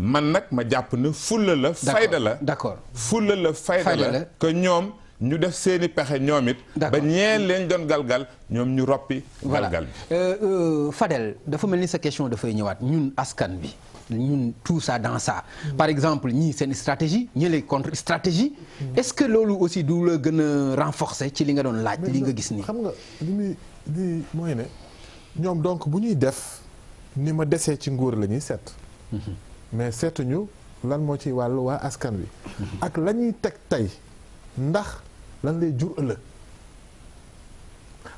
man nag ma jàpp ne fulla la. fayda la d'accord fulla la fayda la que ñoom. ñu def seeni pexe ñoom it. ba ñeen leen doon galgal ñoom ñu roppi. galgal bi euh, euh, Fadel dafa mel ni sa question dafay ñëwaat ñun askan bi. ñun tout ça dans ça mm. par exemple ñii seen stratégie ñi lay contre stratégie mm. est-ce que loolu aussi du la gën a renforcer ci li nga doon laaj li nga gis nii xam nga li muy mooy ne ñoom donc bu ñuy def ni ma desee ci nguur la ñuy seet mhm. mais seetuñu lan moo ci wàllu waa askan wi mhm. ak la ñuy teg tey ndax lan lay jur ëllëg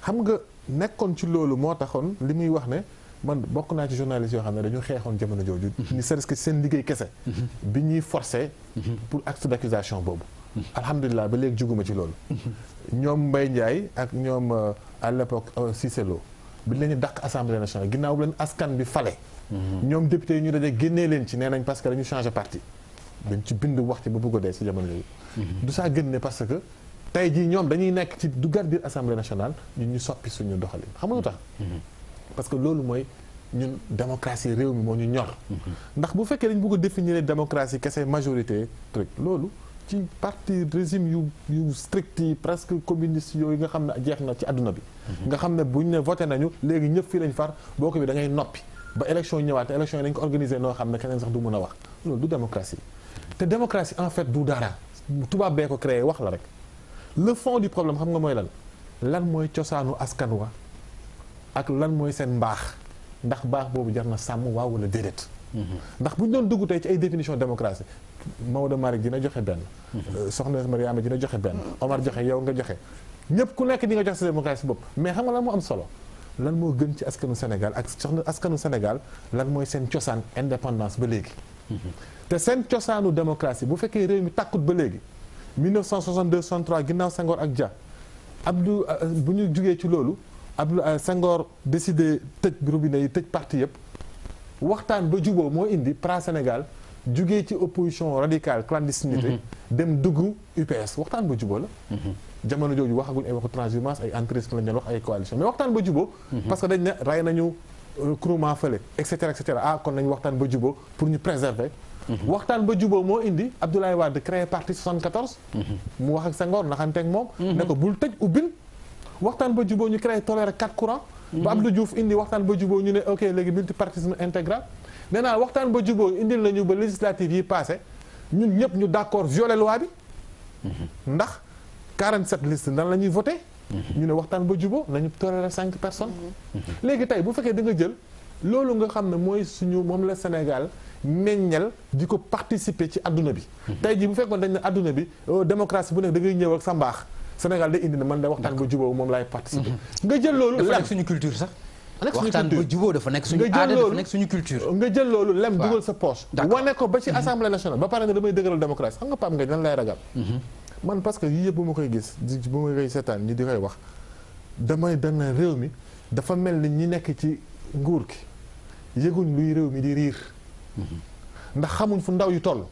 xam nga nekkoon ci loolu moo taxoon li muy wax ne man bokk naa ci journaliste yoo xam ne dañu xeexoon jamono jooju. Mm-hmm. ni serait-ce que seen liggéey kese. Mm-hmm. bi ñuy forcé mm-hmm. pour acte d'accusation boobu. alhamdulilah ba léegi juguma ci loolu. ñoom Mbaye Ndiaye ak ñoom euh, à l'époque euh, Cissé Lo bi leen daq assemblée nationale ginnaaw bi leen askan bi fale. ñoom député yi ñu daje génnee leen ci nee nañ parce que dañu changé parti. dañ ci bind wax ci ba bëgg a dee si jamono yooyu. parce que tey jii ñoom dañuy nekk ci du gar biir assemblée nationale ñun ñu soppi suñu doxalin xam nga lu tax mm-hmm. parce que loolu mooy ñun démocratie réew mi moo ñu ñor mm-hmm. ndax bu fekkee dañ bëgg a définir démocratie kese majorité truc loolu ci parti régime yu yu strict yi presque communiste yooyu nga xam ne jeex na ci àdduna bi mm-hmm. nga xam ne buñ ne voté nañu léegi ñëpp fii lañ far boo ko bi da ngay noppi ba élection ñëwaat élection yi dañ ko organiser noo xam ne keneen sax du mën a wax loolu du démocratie te démocratie en fait du dara tubaab bee ko créé wax la rek le fond du problème xam nga mooy lan lan mooy cosaanu askan wa ak lan mooy seen mbaax ndax baax boobu jar na sàmm waaw wala déedéet. Mhm. ndax bu doon dugg tey ci ay définition démocratie Maodo Malick dina joxe benn. Mhm. Soxna Mariama dina joxe benn. Omar joxe yow nga joxe. ñëpp ku nekk di nga joxe sa démocratie bopp mais xam nga lan moo am solo lan moo gën ci askanu Sénégal ak soxna askanu Sénégal lan mooy seen cosaan indépendance ba léegi. Mhm. te seen cosaanu démocratie bu fekkee réew mi tàkkut ba léegi. 1962 63 ginnaaw Senghor ak Dia Abdou euh, bu ñu jógee ci loolu Abdou euh, Senghor décidé tëj robinet yi tëj parti yëpp waxtaan ba juboo moo indi pra Sénégal jugee ci opposition radicale clandestinité mhm. dem dugg UPS waxtaan ba juboo la mhm. jamono jooju waxaguñ ay waxu transhumance ay entreprise lañ doon wax ay coalition mais waxtaan ba juboo mhm. parce que dañ ne rey nañu Kourouma euh, fële et cetera et ah kon nañu waxtaan ba juboo pour ñu préserver waxtaan ba juboo moo indi Abdoulaye Wade créé parti 74. mu wax ak sa Senghor naxanteeg moom. ne ko bul tëj ubbil. waxtaan ba juboo ñu créé toléré quatre courants. ba mhm. Abdou Diouf indi waxtaan ba juboo ñu ne ok léegi multipartisme intégral. nee naa waxtaan ba juboo indil nañu ba législative yi passé ñun ñëpp ñu d'accord violer loi bi. Mhm. ndax 47 listes nan la ñuy voté. Mhm. ñu ne waxtaan ba juboo nañu toléré cinq personnes. léegi tey bu fekkee da nga jël loolu nga xam ne mooy suñu moom la Sénégal. meññal di ko participer ci adduna bi tey jii bu fekkoon dañ ne adduna bi euh, démocratie bu nekk da ngay ñëw ak sa mbaax Sénégal day indi na man da waxtaan ba jubóo moom laay participer mhm. nga jël loolu dafa nekk suñu culture sax waxtaan ba jubóo dafa nekk suñu aada dafa nekk suñu culture nga lem dugal sa poche wane ko ba ci mhm. assemblée nationale ba pare ne damay dëgëral démocratie xam nga Pape Ngagne lan lay ragal mhm. man parce que yii yëpp bu ma koy gis bu ma koy seetaan ñi di koy wax damay dana réew mi dafa mel ni ñi nekk ci nguur gi yëguñ luy réew mi di riir ndax xamuñ fu ndaw yi toll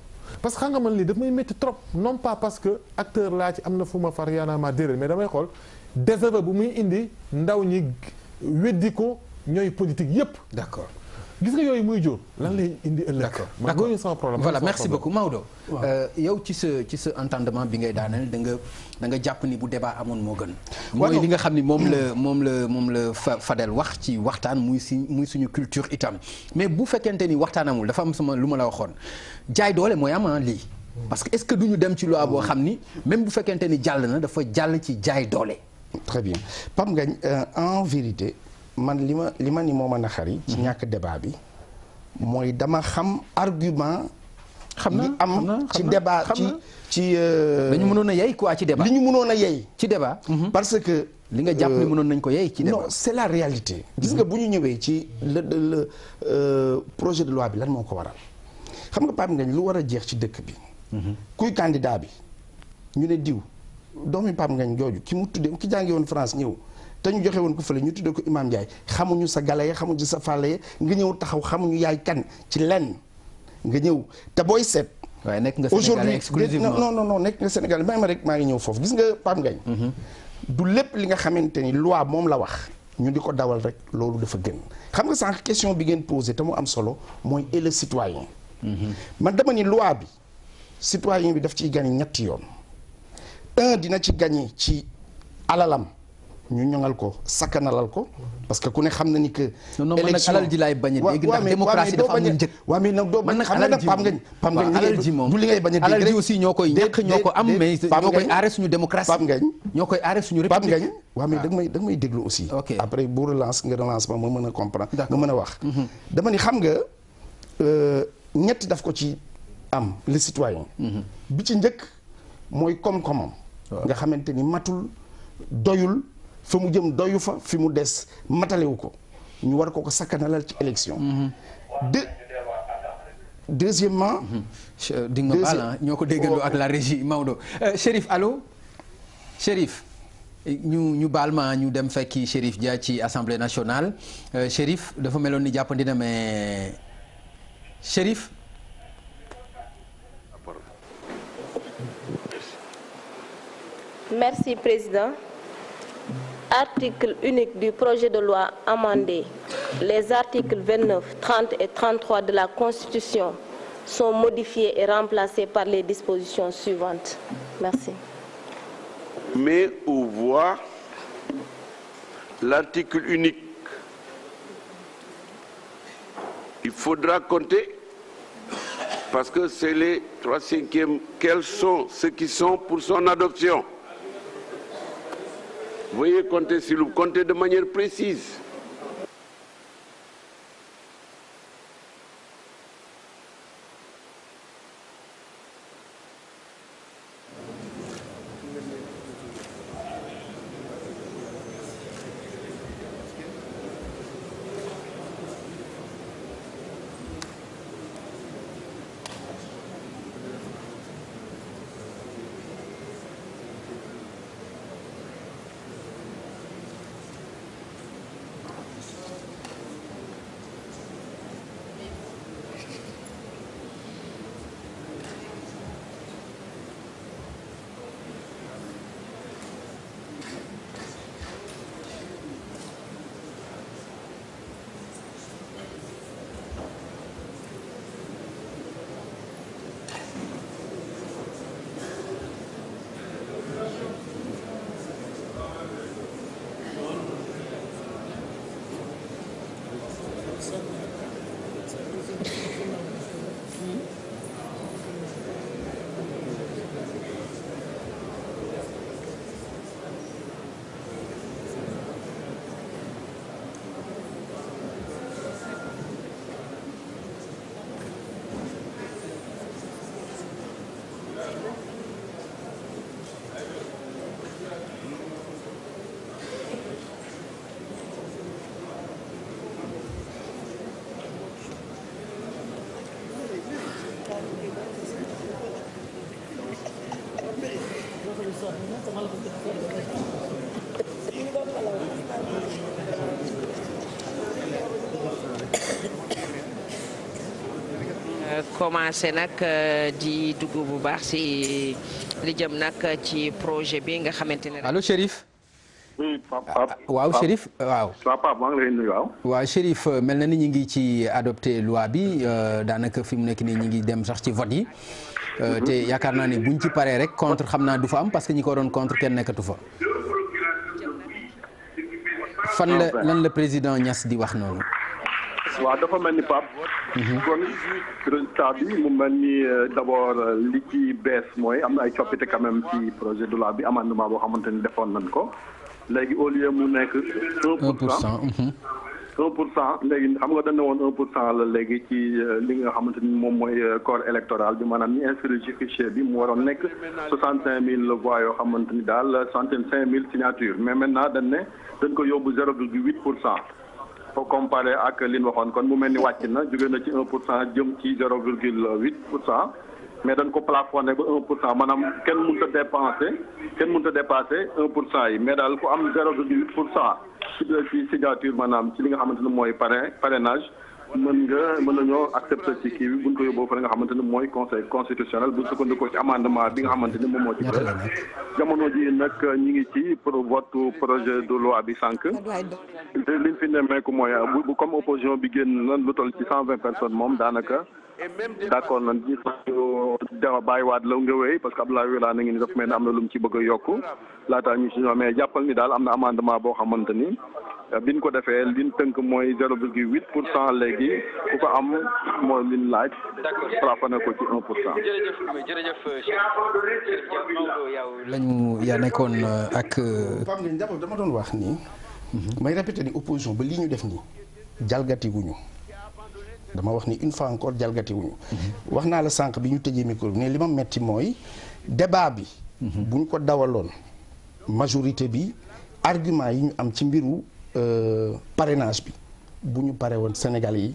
parce que xam nga man lii daf may métti trop non pas parce que acteur laa ci am na fu ma far yaanaa ma dérél mais damay xool désaveu bu muy indi ndaw ñi weddi ko ñooy politique yépp d'accord gis nga yooyu muy jur lan lay indi ëllëg d'accord sans problème voilà merci Maodo euh, yow ci sa ci sa entendement bi ngay daaneel da nga da nga jàpp ni bu débat amoon moo gën mooy li nga xam ni moom la moom la moom la Fadel wax ci waxtaan muy si muy suñu culture itam mais bu fekkente ni waxtaan amul dafa am sama lu ma la waxoon jaay doole mooy am ah, lii parce que est-ce que duñu dem ci loi boo xam ni même bu fekkente ni jàll na dafa jàll ci jaay doole très bien pam Ngagne euh, en vérité man li ma li ma ni moom mën a xari ci mhm. ñàkk débat bi mooy dama xam argument xam na am ci débat ci ci euh, dañu mënoon a yey quoi ci débat ñu mënoon a yey ci débat mhm. parce que li nga jàpp ni euh, mënoon nañ ko yey ci débat non gis nga mhm. bu ñu ñëwee ci le euh, projet de loi bi lan moo ko waral xam nga Pape Ngagne lu war a jeex ci dëkk bi kuy candidat bi ñu ne diw doomi Pape Ngagne jooju ki mu tuddee ki jàngi woon France ñëw te ñu joxe woon ko fële ñu tuddee ko Imaam Ndiaye xamuñu sa gale ya xamuñu sa fàlle nga ñëw taxaw xamuñu yaay kan ci lenn nga ñëw te booy seet. waaye nekk nga Sénégalais exclusivement non non non nekk nga Sénégalais may ma rek maa ngi ñëw foofu gis nga Pape Ngagne. Mm-hmm. du lépp li nga xamante ni loi moom la wax. ñu di ko dawal rek loolu dafa gën xam nga sànq question bi ngeen posé te mu am solo mooy et le citoyen. Mm-hmm. man dama ni loi bi citoyen bi daf ciy gagné ñetti yoon. un dina ci gagné ci alalam ñu ñoŋal ko sakkanalal ko parce que ku ne xam na ni que. élection non alal ji laay bañ a dégg ndax démocratie dafa a dégg ñoo koy ñàkk ñoo ko am mais ñoo koy aare suñu démocratie. PAM ngañ ñoo koy aare suñu république. PAM ngañ waaw mais danga may déglu aussi. après bu relance nga relance ma mën a comprendre. nga mën a wax. Mhm. dama ni xam nga euh, ñett daf ko ci am les citoyens mhm. bi ci njëkk mooy koom-koomam nga xamante ni matul doyul fa mu jëm doyu fa fi mu des matalewu ko ñu war ko ko sakkanalal ci élection mhm. de deuxièmement mhm. di nga ah, ñoo ko déggandoo ak la régie Maodo euh, Chérif allo Chérif ñu ñu baal ma ñu dem fekki Chérif Dia ci assemblée nationale euh, Chérif dafa meloon ni jàppandina na mais Chérif président Article unique du projet de loi amendé. Les articles 29, 30 et 33 de la Constitution sont modifiés et remplacés par les dispositions suivantes. Merci. Mais aux voix l'article parce que c'est les trois pour son Veuillez compter, si vous comptez de manière précise. commencé nag euh, di dugg bu baax si li jëm nag ci projet bi nga xamante ne. allo Chérif. oui waaw Chérif waaw. Pape maa mel na ni ñu ngi ci adopté loi bi euh, daanaka fi mu nekk nii ñu ngi dem sax ci vote yi. Euh, mhm. te yaakaar naa ne buñ ci paree rek contre xam naa du fa am parce que ñu ko doon contre kenn nekkatu fa. fan la lan la président ñas di wax noonu. waaw dafa mel ni Pape. Mhm. kon résultat bi mu mel ni euh, d' euh, li ci bees mooy am na ay coppite quand même ci projet de la bi amendement boo xamante ni defoon nañ ko léegi au lieu mu nekk. 1 pour cent 1 mhm. pour cent léegi xam nga dañ ne woon 1 pour cent la léegi ci euh, li nga xamante ni moom mooy corps électoral bi maanaam ñu inscrit ci fichier bi mu waroon nekk 65000 voix yoo xamante ni daal 65000 signatures mais maintenant dañ ne dañ ko yóbbu 0,8 pour cent. ko comparé ak li ñu waxoon kon mu mel ni wàcc na jóge na ci 1 pour cent jëm ci 0 virgule 8 pour cent mais dañ ko plafonné ba 1 pour cent maanaam kenn mënut a dépensé kenn mënut a dépassé 1 pour cent yi mais daal ku am 0 virgule 8 pour cent ci ci signature maanaam ci li nga xamante ne mooy parrain parrainage. mën nga mën nañoo accepté ci kii bi buñ ko yóbboo fa nga xamante ne mooy conseil constitutionnel buñ sukkandikoo ci amendement bi nga xamante ne moom moo ci bëri jamono ji nag ñi ngi ci pour vote projet de loi bi sànq liñ fi nemmeeku mooy bu comme opposition bi génn na lu toll ci cent vingt personnes moom daanaka d'accord nan gis nañu bàyyi waat la nga wéy parce que Abdoulaye Wilane a ngi ni daf mel ne am na lu mu ci bëgg a yokk laataa ñu si ñoo mais jàppal ni daal am na amendement boo xamante ni euh, biñ ko defee liñ tënk mooy zéro virgule huit pour cent léegi ku ko am mooy liñ laaj. d'accord ko ci un pour cent. Euh, lañu yaa nekkoon euh, ak. Pape Ndiaye dama doon wax nii. Mhm. may répété ni opposition ba lii ñu def nii jalgati guñu dama wax ni une fois encore jalgati wuñu wax naa la sànq bi ñu tëjee micro bi ne li ma metti mooy débat bi. bu ñu ko dawaloon majorité bi argument yi ñu am ci mbiru euh, parrainage bi bu ñu pare woon Sénégal yi.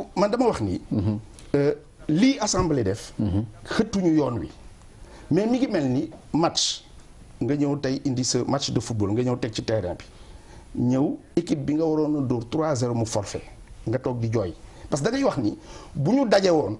du man dama wax nii. Euh, lii assemblée def. xëttuñu yoon wi. mais mi ngi mel ni match nga ñëw tey indi sa match de football nga ñëw teg ci terrain bi ñëw équipe bi nga waroon a dóor 3-0 mu forfait nga toog di jooy parce que da wax ni bu ñu daje woon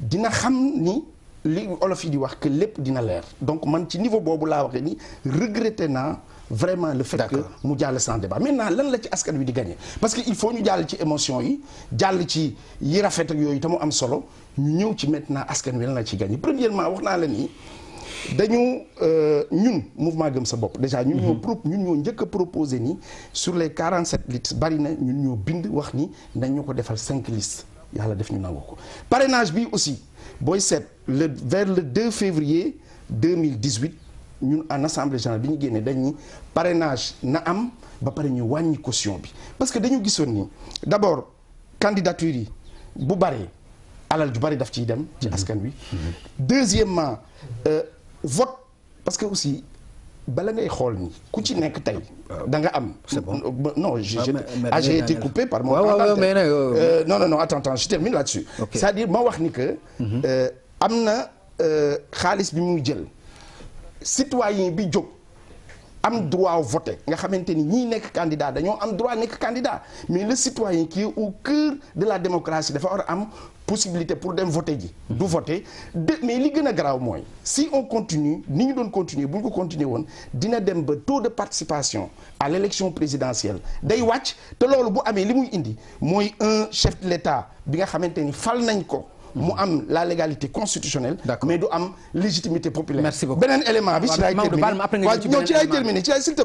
dina xam ni. li olof yi di wax que lépp dina leer donc man ci niveau boobu laa waxee ni regretté naa vraiment le fait mu jàll sans débat maintenant lan la ci askan wi di gagné parce que il faut ñu jàll ci émotion yi jàll ci yi rafet yooyu te mu am solo ñu ñëw ci maintenant askan wi lan la ci gagné premièrement wax naa la ni dañu euh, ñun mouvement gëm sa bopp déjà ñun ñoo mhm. pro ñun njëkk a proposé ni sur les 47 listes bari na ñun ñoo bind wax ni nañ ñu ko defal 5 listes yàlla def ñu nangu ko parenage bi aussi booy seet le vers le 2 février 2018 ñu en assemblée générale bi ñu génnee dañuy parenage na am ba pare ñu wàññi caution bi parce que dañu gisoon ni d'abord candidature yi bu bari alal ju bari daf ciy dem ci mhm. askan wi mhm. deuxièmement euh, vote parce que aussi bala ngay xool ni ku ci nekk tey ah. da nga am non j'ai ah, ah, été coupé par mon euh, euh, non non non attends attends je termine là-dessus c'est-à-dire ma wax ni que mhm. euh, am na xaalis bi muy jël citoyen bi jóg am droit voter nga xamante ni ñiy nekk candidat dañoo am droit nekk candidat mais le citoyen qui est au cœur de la démocratie dafa war a am possibilité pour dem voter ji du voter de mais li gën a garaaw mooy si on continue ni ñu doon continuer bu ñu ko continuer woon dina dem ba taux de participation à l'élection présidentielle day wàcc te loolu bu amee li muy indi mooy un chef de l'État bi nga xamante ni fal nañ ko mu am la légalité constitutionnelle. mais du am légitimité populaire. merci beaucoup beneen élément bi. ci laay terminer waaw non ci laay terminer ci laay s'il te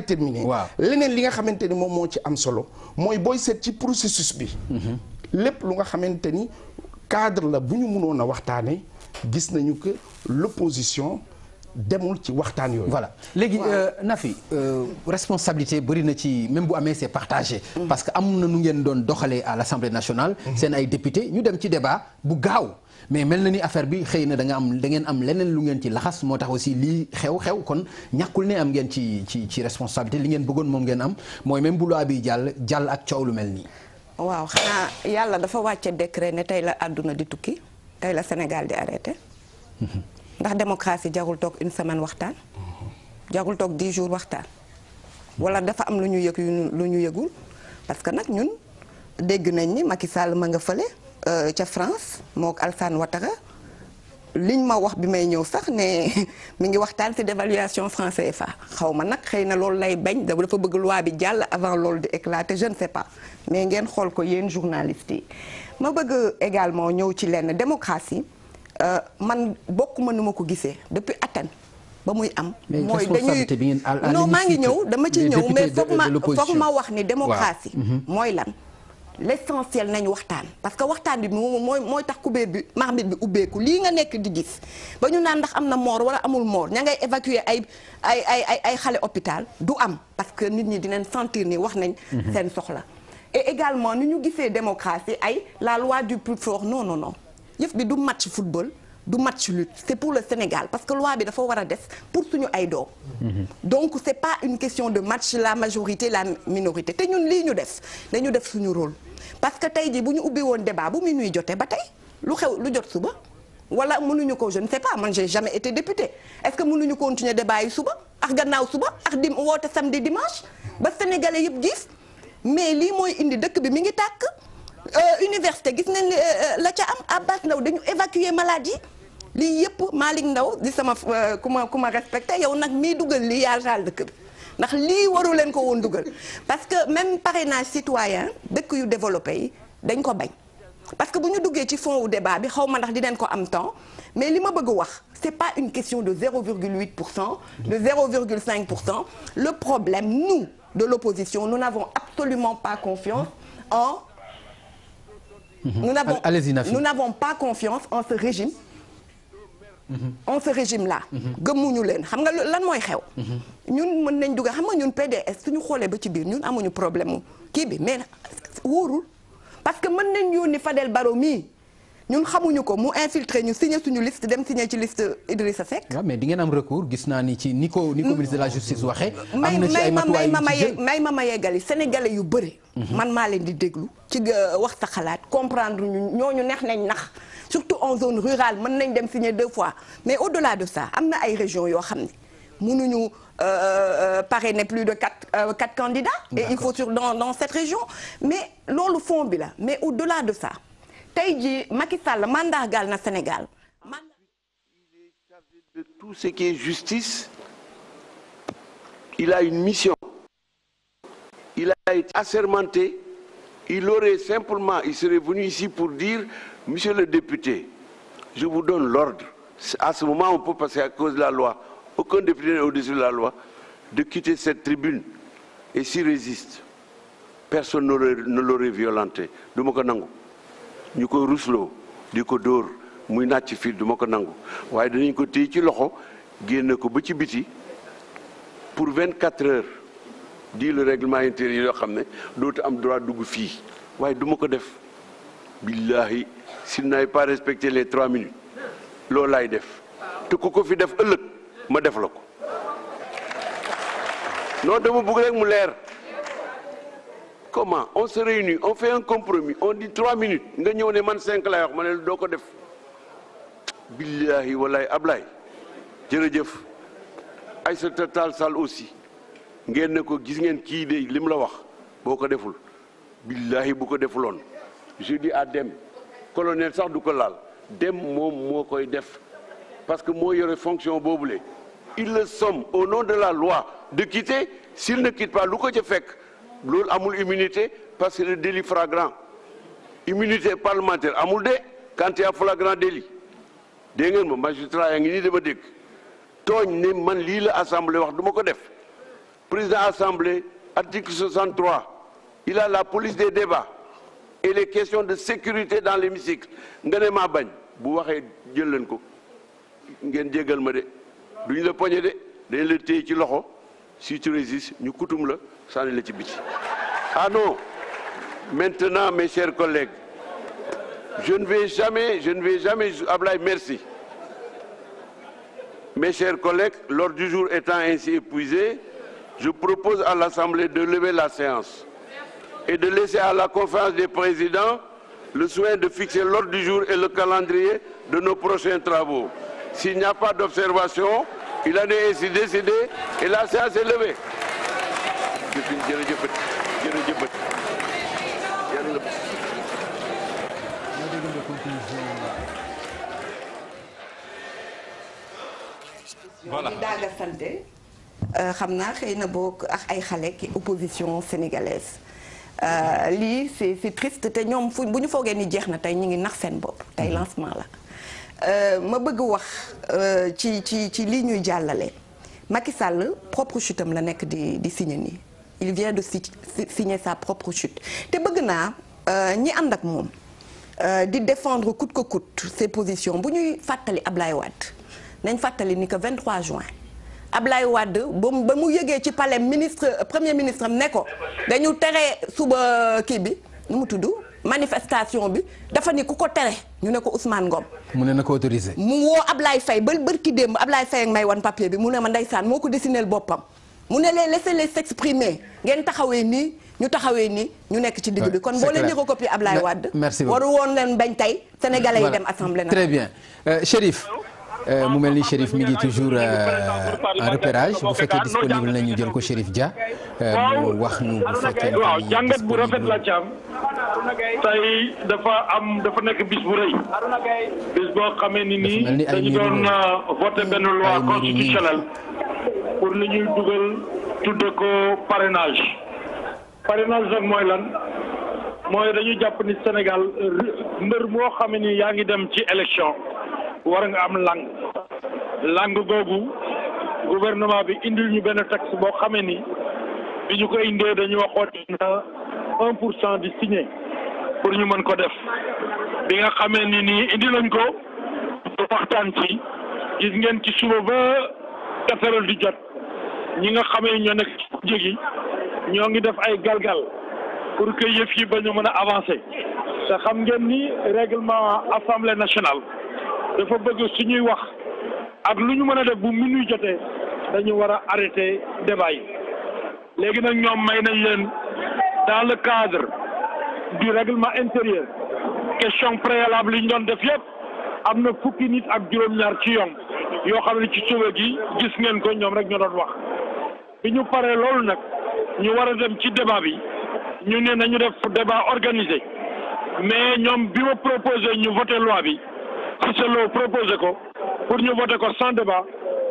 terminer. leneen li nga xamante ni moom moo ci am solo mooy booy seet ci processus bi. Mhm. lépp lu nga xamante ni cadre la bu ñu mënoon a waxtaanee gis nañu que l'opposition demul ci waxtaan yooyu. voilà léegi euh, Nafi euh, responsabilité bëri na ci même bu amee c'est partagé. Mm-hmm. parce que am na nu ngeen doon doxalee à l'Assemblée nationale. Mm-hmm. seen ay député ñu dem ci débat bu gaaw. mais mel na ni affaire bi xëy na danga am da ngeen am leneen lu ngeen ci laxas moo tax aussi lii xew-xew kon ñàkkul ne am ngeen ci ci ci responsabilité li ngeen bëggoon moom ngeen am mooy même bu loi bi jàll jàll ak coow lu mel nii. waaw xanaa yàlla dafa wàcce décret ne tey la àdduna di tukki tey la Sénégal di arrêté. Mm-hmm. ndax démocratie jarul toog une semaine waxtaan jarul toog 10 jours waxtaan wala dafa am lu ñu yëg lu ñu yëgul parce que nag ñun dégg nañ ni Macky Sall ma nga fële euh, ca France moo ak Alassane Ouattara liñ ma wax bi may ñëw sax ne mi ngi waxtaan ci dévaluation franc fa xaw ma nag xëy na loolu lay bañ dafa bëgg loi bi jàll avant loolu di éclater je ne sais pas mais ngeen xool ko yéen journalistes yi ma bëgg également ñëw ci lenn démocratie Euh, man bokk ma nu ma ko gisee depuis Athènes ba muy am. mooy dañuy non maa ngi ñëw dama ci ñëw mais foog ma foog ma wax ni démocratie. Mhm. mooy lan l'essentiel nañu waxtaan. parce que waxtaan bi moom mooy mooy tax kubéer bi marmite bi ubbeeku lii nga nekk di gis ba ñu naan ndax am na moor wala amul moor ña ngay évacuer ay ay ay ay xale hôpital du am parce que nit ñi dinañ sentir ni wax nañ. Mhm. seen soxla et également ni ñu gisee démocratie ay la loi du plus fort non. yëf bi du match football du match lutte c'est pour le Sénégal parce que loi bi dafa war a des pour ñu ay doom. Mhm. donc c'est pas une question de match la majorité la minorité te ñun lii ñu def dañu def suñu role parce que tey jii bu ñu ubbi woon débat bu minuit jotee ba tey lu xew lu jot suba wala mënuñu ko je ne sais pas man j'ai jamais été député est-ce que mënuñu continuer débat yi suba ak gannaaw suba ak dim woote samedi dimanche ba sénégalais yëpp gis mais lii mooy indi dëkk bi mi ngi tàkk. Euh, université gis nañ euh, euh, la ca am Abbas Ndao dañu évacuer malade yi lii yëpp Malick Ndao di sama ku ma ku ma respecté yow nag mii dugal lii yaa taal dëkk ndax lii waru leen ko woon dugal parce que même parrainage citoyen dëkk yu développé dañ ko bañ parce que bu ñu duggee ci fond wu débat bi xaw ma ndax dinañ ko am temps mais li ma bëgg wax c'est pas une question de 0,8 pour cent de 0,5 pour cent le problème nous de l'opposition nous n'avons absolument pas confiance en Mhm. nous n'avons nous n'avons pas confiance en ce régime mhm. en ce régime là mhm. gëmuñu leen xam nga lan mooy xew ñun mën nañ dugg xam nga ñun su ñu xoolee ba ci biir ñun amuñu problème mu kii bi mais wóorul parce que mën nañ ni Fadel Barro mii ñun xamuñu ko mu infiltré ñu signé suñu liste dem signé ci liste Idrissa Seck. waaw mais di ngeen am recours gis naa ni ci ni ko ni ko ministre de la justice mm. waxee. am na ci may ma ma yeggali sénégalais yu bëri. Mhm. man maa leen di déglu. ci wax sa xalaat comprendre ñu ñoo ñu neex nañ nax surtout en zone rurale mën nañ dem signé deux fois mais au delà de ça am na ay régions yoo xam ne. mënuñu euh, euh, parrainer plus de quatre euh, quatre candidats. et il faut sur dans dans cette région. mais loolu fond bi la mais au-delà de ça. tey jii Macky Sall mandargaal na Sénégal. il est chargé de tout ce qui est justice il a il a été assermenté il aurait simplement il serait venu ici pour dire monsieur le député je vous donne l'ordre à ce moment on peut passer à cause de la loi aucun député n'est au-dessus de la loi de quitter cette tribune et s'il résiste personne ne l'aurait violenté du ma ko nangu ñu ko rusloo di ko dóor muy nàcc fii duma ko nangu waaye dinañ ko téye ci loxo génne ko ba ci biti pour vingt quatre heures di le règlement intérieur yoo xam ne dootu am droit dugg fii waaye duma ko def billahi s'il n'avait pas respecté les trois minutes loolu laay def te ku ko fi def ëllëg ma def la ko non dama bëgg rek mu leer comment on se réunit on fait un compromis on dit trois minutes nga ñëw ne man cinq laay wax ma ne doo ko def billahi wallahi Ablaye jërëjëf Aïssata Tall Sall aussi ngeen ne ko gis ngeen kii de lim la wax boo ko deful billahi bu ko defuloon je dis à Dem colonel sax du ko laal Dem moom moo koy def parce que moo yore fonction boobule il le somme au nom de la loi de quitter s'il ne quitte pas lu ko ca fekk loolu amul immunité parce que le délit flagrant immunité parlementaire amul de quand il y a flagrant délit dégg ngeen ma magistrat yaa ngi nii dama dégg tooñ ne man lii la assemblée wax du ko def président assemblée article 63 il a la police des débats et les questions de sécurité dans l'hémicycle nga ne ma bañ bu waxee jël leen ko ngeen jéggal ma de duñ la poñe de dañ la téye ci loxo si tu résistes ñu kutum la sànni la ci biti ah non maintenant mes chers collègues je ne vais jamais merci mes chers collègues l'ordre du jour étant ainsi épuisé je propose à l'Assemblée de lever la séance et de laisser à la conférence des présidents le soin de fixer l'ordre du jour et le calendrier de nos prochains travaux s'il n'y a pas d'observation il en est ainsi décidé et la séance est levée Euh, xam naa xëy na boog ay xale ki opposition sénégalaise euh, lii c'est c'est triste te ñoom bu ñu foogee ni jeex na tey ñu ngi nax seen bopp tey lancement la euh, ma bëgg wax ci ci ci lii ñuy jàllale Macky sàll propre chutam la nekk di di signé nii il vient de signe sa propre chute te bëgg naa euh, ñi ànd ak moom euh, di défendre coûte que coûte ses positions bu ñuy fàttali Ablaye Wade nañ fàttali ni que 23 juin Ablaye Wade ba ba mu yëgee ci pale ministre premier ministre am ne ko dañu tere suba euh, kii bi nu mu tudd manifestation bi dafa ni ku ko tere ñu ne ko Ousmane Ngom. mu ne na ko autorisé. mu woo Ablaye Faye ba bërki démb Ablaye Faye ak may wan papier bi mu ne ma ndeysaan moo ko dessineel boppam. mu ne leen laissez les s'exprimer ngeen taxawee nii ñu taxawee nii ñu nekk ci digg bi kon boo leen yëgoo copie Ablaye Wade waru woon leen bañ tey sénégalais yi dem assemblée nationale très bien euh, Chérif euh, mu mel ni Chérif mi ngi toujours en euh, repérage bu fekkee disponible na ñu jël ko Chérif Dia mu wax ñu bu fekkee waaw jàngat bu rafet la ci tey dafa am dafa nekk bis bu rëy bis boo xamee ni nii dañu doon voté benn loi constitutionnelle pour li ñuy dugal tudde ko parrainage parrainage nag mooy lan mooy dañu jàpp ni Sénégal mbër moo xam ni yaa ngi dem ci élection war nga am lang lang googu gouvernement bi indil ñu benn taxe boo xamee ni bi ñu ko indee dañu waxoon di signé pour ñu mën ko def bi nga xamee ni nii indi nañ ko waxtaan ci gis ngeen ci suba ba quatre di jot ñi nga xamee ñoo nekk jégi ñoo ngi def ay galgal pour que yëf yi ba ñu mën a avancé te xam ngeen ni règlement assemblée nationale dafa bëgg ñuy wax ak lu ñu mën a def bu minuit jotee dañu war a arrêter débat yi léegi nag ñoom may nañ leen dans le cadre du règlement intérieur question préalable yi ñu doon def yëpp am na fukki nit ak juróom-ñaar ci yoon yoo xam ne ci suba gi gis ngeen ko ñoom rek ñoo doon wax bi ñu paree loolu nag ñu war a dem ci débat bi ñu ne ñu def débat organisé mais ñoom bi ma proposé ñu voté loi bi Cissé proposé ko pour ñu voté ko sans débat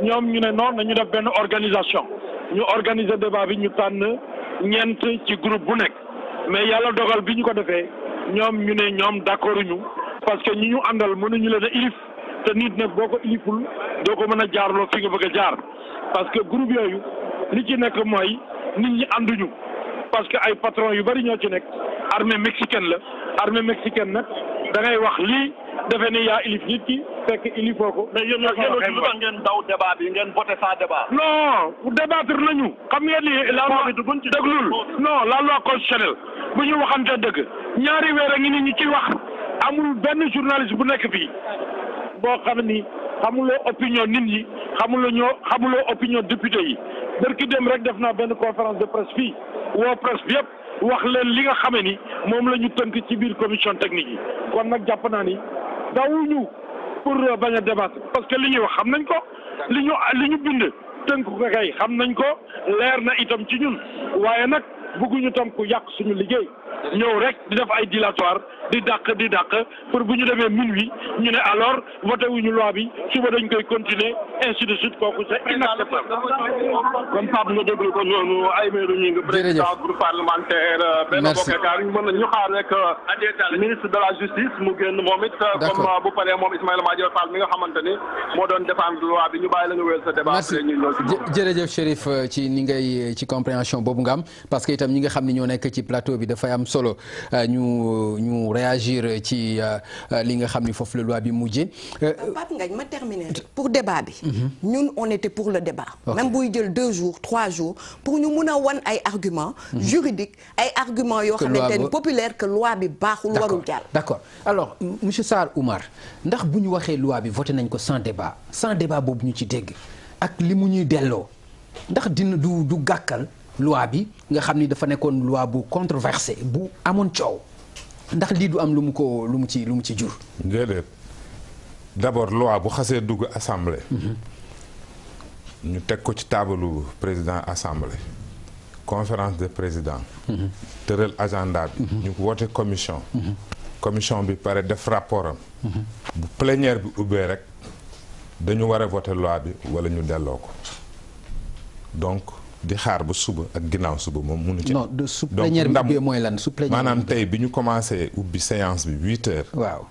ñoom ñu ne na nañu def benn organisation ñu organiser débat bi ñu tànn ñeent ci groupe bu nekk mais yàlla dogal bi ñu ko defee ñoom ñu ne ñoom d'accord ñu parce que ñi ñu àndal mënuñu leen a ilif te nit nag boo ko iliful doo ko mën a jaarloo fi nga bëgg jaar parce que groupe yooyu li ci nekk mooy nit ñi ànduñu parce que ay patron yu bari ñoo ci nekk armée mexicaine la armée mexicaine nag da ngay wax lii defe ni yaa ilif nit ki fekk ilifoo ko. mais yéen lu tax ngeen daw débat bi ngeen voté sans débat. non débattre nañu. xam ngeen ni la loi déglul non la loi constitutionnelle bu ñu waxante dëgg ñaari weer a ngi ni ñu ci wax amul benn journaliste bu nekk fii boo xam ni xamuloo opinion nit ñi xamuloo ñoo xamuloo opinion député yi. bërki dem rek def naa benn conférence de presse fii woo presse bi wax leen li nga xame ni moom la ñu tënk ci biir commission technique yi kon nag jàpp naa ni dawuñu pour bañ a débattre parce que li ñuy wax xam nañ ko li ñu li ñu bind tënk ko kay xam nañ ko leer na itam ci ñun waaye nag bëgguñu tam ku yàq suñu liggéey ñëw rek di def ay dilatoire di dàq di dàq pour bu ñu demee minuit ñu ne alors voté wuñu loi bi suba dañ koy continuer ainsi de suite kooku c'est inacceptable. kon Pape parlementaire. Euh, merci benn bokk ñu mën ñu xaar rek. Euh, ministre de la justice mu génn moom it. Euh, comme bu paree moom Ismaïla Madior Fall mi nga xamante moo doon défendre loi bi ñu bàyyi la nga sa débat. merci jërëjëf ci ni ngay ci compréhension boobu nga am parce que itam ñi nga xam ne ñoo nekk ci plateau bi dafay am solo réagir ci euh, li nga xam ni foofu la loi bi mujjee. Euh, euh, Pape Ngagne ma terminer pour débat bi. Mhm. ñun on était pour le débat. même buy jël deux jours trois jours pour ñu mun a wan ay arguments. Mhm. juridiques ay arguments yoo xamante ni populaire que loi bi baaxul warul jàll. d'accord alors monsieur Sarr Oumar ndax bu ñu waxee loi bi voté nañ ko sans débat sans débat boobu ñu ci dégg ak li mu ñuy delloo ndax dina du du gàkkal loi bi nga xam ni dafa nekkoon loi bu controversée bu amoon coow. ndax lii du am lu mu ko lu mu ci lu mu ci jur. déedéet d'abord loi bu xasee dugg assemblée. Mhm. ñu teg ko ci taabalu président assemblée. conférence de président. Mhm. tëral agenda bi. Mhm. ñu woote commission. commission bi pare def rapport am. bu plénière bi ubbee rek dañu war a voter loi bi wala ñu delloo ko donc. di xaar ba suba ak ginnaaw suba moom munu ci non de su plénière bi mooy lan su maanaam tey bi ñu commencé ubbi séance bi huit heures waaw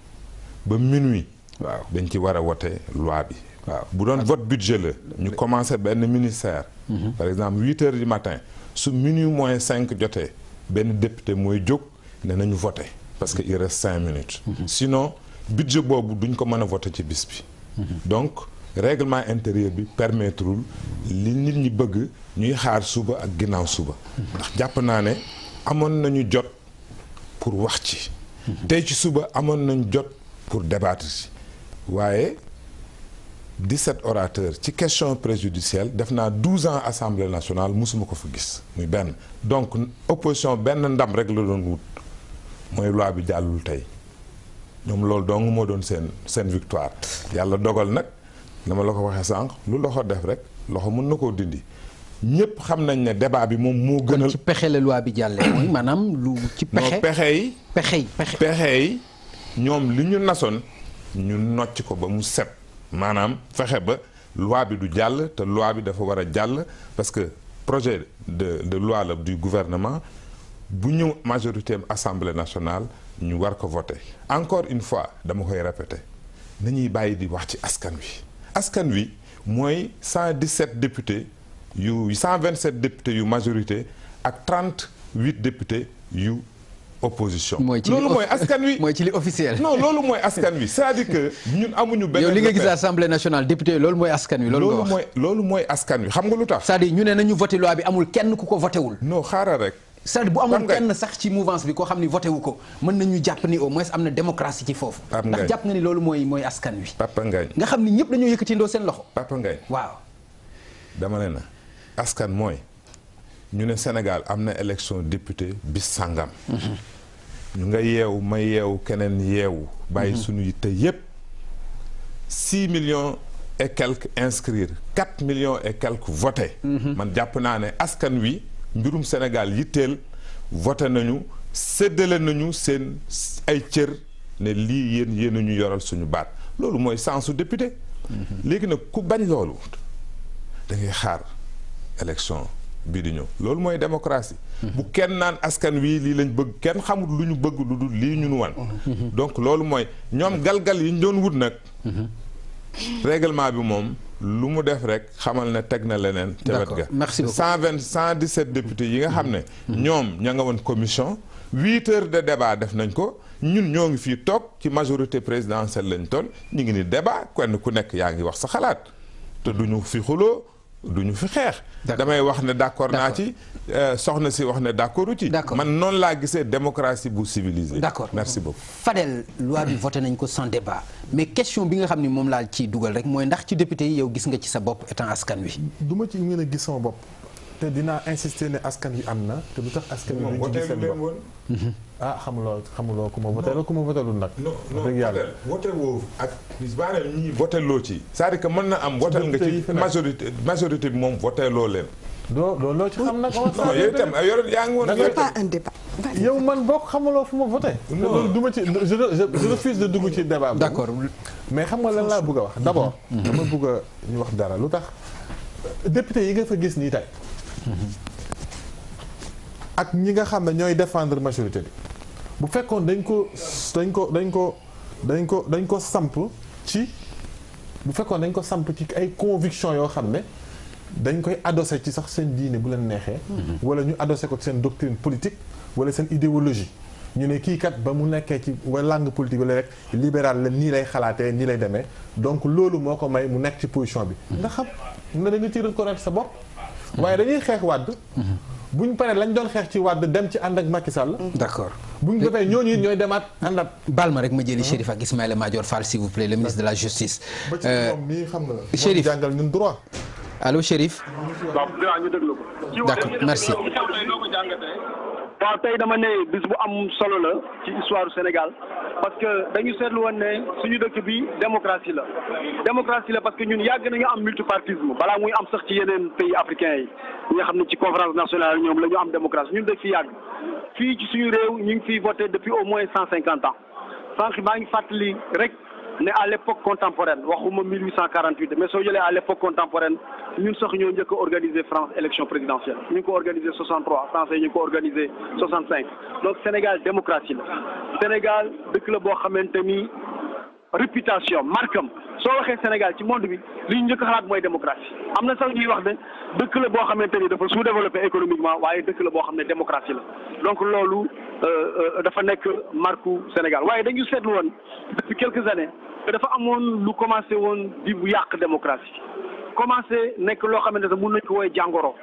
ba minuit waaw dañ ci war a wote loi bi waaw bu doon vote budget la ñu commencé benn ministère mhm. par exemple huit heures du matin su minuit moins cinq jotee benn député mooy jóg ne nañu voté parce que il reste cinq minutes mhm. sinon budget boobu duñ ko mën a voté ci bis bi mhm. donc règlement intérieur bi permettrewul li nit ñi bëgg ñuy xaar suba ak ginnaaw suba ndax jàpp naa ne amoon nañu jot pour wax ci tey ci suba amoon nañu jot pour débattre ci waaye 17 orateurs ci question préjudicielle def naa 12 ans assemblée nationale musuma ko fa gis muy benn donc opposition benn ndam rek la doon wut mooy loi bi jàllul tey ñoom loolu dong moo doon seen seen victoire yàlla dogal nag na la ko waxee sànq lu loxo def rek loxo mën na koo dindi ñëpp xam nañ ne débat bi moom moo gënal ci pexe la loi bi jàllee mooy maanaam lu ci pexe pexe yi pexe yi ñoom li ñu nasoon ñu nocc ko ba mu set maanaam fexe ba luwaa bi du jàll te loi bi dafa war a jàll parce que projet de de loi la du gouvernement bu ñëw majorité assemblée nationale ñu war ko voter encore une fois dama koy répéter nañuy bàyyi di wax ci askan wi askan wi mooy cent 117 députés yu 127 députés yu majorité ak trente 38 députés yu opposition. loolu mooy askan wi mooy ci li officiel. non loolu mooy askan wi c'est-à-dire que ñun amuñu. benn yow li nga gis assemblée mooy askan wi. loolu nga wax loolu mooy askan wi xam nga lu tax. c'est-à-dire ñu ne nañu voté loi bi amul kenn ku ko voté wul. non xaaral rek. c'est-à-dire bu amoon kenn sax ci mouvance bi koo xam ni voté wu ko mën nañu jàpp ni au moins am na démocratie ci foofu ndax jàpp nga loolu mooy mooy askan wi Papa Ngagne nga xam ni ñëpp dañoo yëkkati ndoo seen loxo Papa Ngagne waaw dama ne na askan mooy ñu ne Sénégal am na élection député bis sàngam mhm. ñu nga yeew ma yeew keneen yeewu bàyyi mhm. suñu yitte yépp six millions et quelques inscrire quatre millions et quelques votés mhm. man jàpp naa ne askan wi mbirum Sénégal yitteel vote nañu séddale nañu seen ay cër ne lii yéen yéen ñu yoral suñu baat loolu mooy sensu député. Mhm. léegi nag ku bañ loolu da ngay xaar élection bii di ñëw loolu mooy démocratie. Mhm. bu kenn naan askan wi lii lañ bëgg kenn xamut lu ñu bëgg lu dul lii ñu nu wan. Mhm. donc loolu mooy ñoom galgal yi ñu doon wut nag. règlement bi moom. lu mu def rek xamal ne teg na leneen. ca wet ga merci cent vingt cent dix sept députés yi nga xam ne. ñoom ña nga woon commission. huit heures de débat def nañ ko ñun ñoo ngi fii toog ci majorité présidentielle lañ toll ñu ngi ni débat kenn ku nekk yaa ngi wax sa xalaat te du duñu fi xuloo du ñu fi xeex. damay wax ne d'accord naa ci. Euh, soxna si wax ne d'accordu ci. man noonu laa gisee démocratie bu civilisée. d'accord merci beaucoup. Fadel loi bi voté nañ ko sans débat mais question bi nga xam ni moom laa ciy dugal rek mooy ndax ci député yi yow gis nga ci sa bopp étant askan wi. duma ci mën gis sama bopp te dinaa insister ne askan wi am na te lu tax askan wi. moom ah xamuloo xamuloo ku ma voté la ku ma voté lu nag. dëgg yàlla non voté woo ak. bis loo ci. cest à que mën na am voté nga ci majorité majorité bi moom voté loo leen. loo loo ci xam nag. non yow itam yor yaa ngi woon. da pas un débat. yow man boo xamuloo fu ma voté. du ma ci je refuse de dugg ci débat. d'accord mais xam nga lan laa bugg a wax d'abord. Mm-hmm. dama bëgg a ñu wax dara lu tax député yi nga fa gis nii tey. Mm-hmm. ak ñi nga xam ne ñooy défendre majorité bi bu fekkoon dañ ko dañ ko dañ ko dañ ko dañ ko samp ci bu fekkoon dañ ko samp ci ay conviction yoo xam ne dañ koy adossé ci sax seen diine bu leen neexee mhm. wala ñu adossé ko seen doctrine politique wala seen idéologie ñu ne kii kat ba mu nekkee ci wa langue politique wala rek libéral la nii lay xalaatee nii lay demee donc loolu moo ko may mu nekk ci position bi mhm. nga xam na dañu ci reconnaître sa bopp waaye dañuy xeex wàdd mhm. bu ñu paree lañ doon xeex ci Wade dem ci ànd ak Macky Sall. d'accord bu ñu defee ñooñu ñooy demaat àndaat. baal ma rek ma jëli Chérif ak Ismaïla Madior Fall s'il vous plaît le ministre de la justice. ba ci moom mii xam nga. Euh, Chérif jàngal ñun droit. allo d'accord merci. waaw tey dama ne bis bu am solo la ci histoire Sénégal parce que dañu seetlu woon ne suñu dëkk bi démocratie la démocratie la parce que ñun yàgg na nañu am multipartisme balaa muy am sax ci yeneen pays africains yi ñi nga xam ne ci conférence nationale ñoom la ñu am démocratie ñun dëkk fi yàgg fii ci suñu réew ñu ngi fiy voté depuis au moins cent cinquante ans sànq maa ngi fàttali rek ne à l'époque contemporaine waxuma 1848 mais soo jëlee à l'époque contemporaine ñun sax ñoo njëkk organiser France élection présidentielle ñu ko organiser 63 français ñu ngi ko organiser 65 donc Sénégal démocratie la Sénégal dëkk la boo xamante réputation markam soo waxee Sénégal ci monde bi li ñu njëkk xalaat mooy démocratie am na sax ñuy wax ne dëkk la boo xamante ni dafa sous-développé économiquement waaye dëkk la boo xam ne démocratie la donc loolu euh, euh, dafa nekk marku Sénégal waaye dañu seetlu woon depuis quelques années que dafa amoon lu commencé woon di bu yàq démocratie commencé nekk loo xamante ne mën nañ ko woowee jàngoro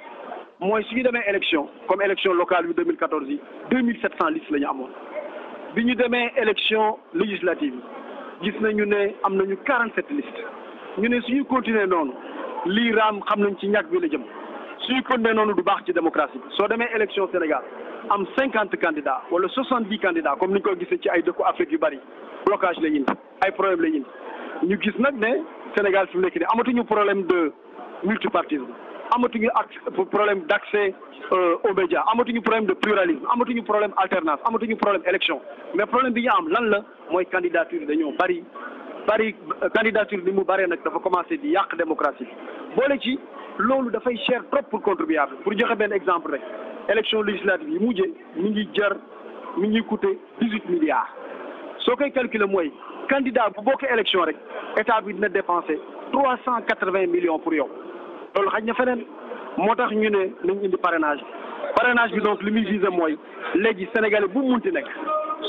mooy su ñu demee élection comme élection locale bi 2014 yi 2700 listes la ñu amoon bi ñu demee élection législative yi gis ñu ne am nañu quarante sept listes ñu ne suñu continuer noonu lii raam xam nañ ci ñàkk bi la jëm su suñu continuer noonu du baax ci démocratie bi soo demee élection Sénégal am cinquante candidats wala soixante dix candidats comme ni ñu ko gisee ci ay dëkku Afrique yu bari blocage la indi ay problème la indi ñu gis nag ne Sénégal fi mu nekk nii amatuñu problème de multipartisme amatuñu ak problème d' accès euh, aux médias amatuñu problème de pluralisme amatuñu problème alternance amatuñu problème élection mais problème bi ñu am lan la mooy candidature dañoo bari bari euh, candidature ni mu bëree nag dafa commencé di yàq démocratie boole ci loolu dafay cher trop pour contribuable pour joxe benn exemple rek élection législative yi mujje mi ngi jar mi ngi coûté dix huit milliards soo koy calculer mooy candidat bu bokkee élection rek état bi dina dépenser trois cent quatre vingt millions pour yow. loolu xaj na feneen moo tax ñu ne nañ indi parrainage parrainage bi donc li muy visé mooy léegi sénégalais bu munti nekk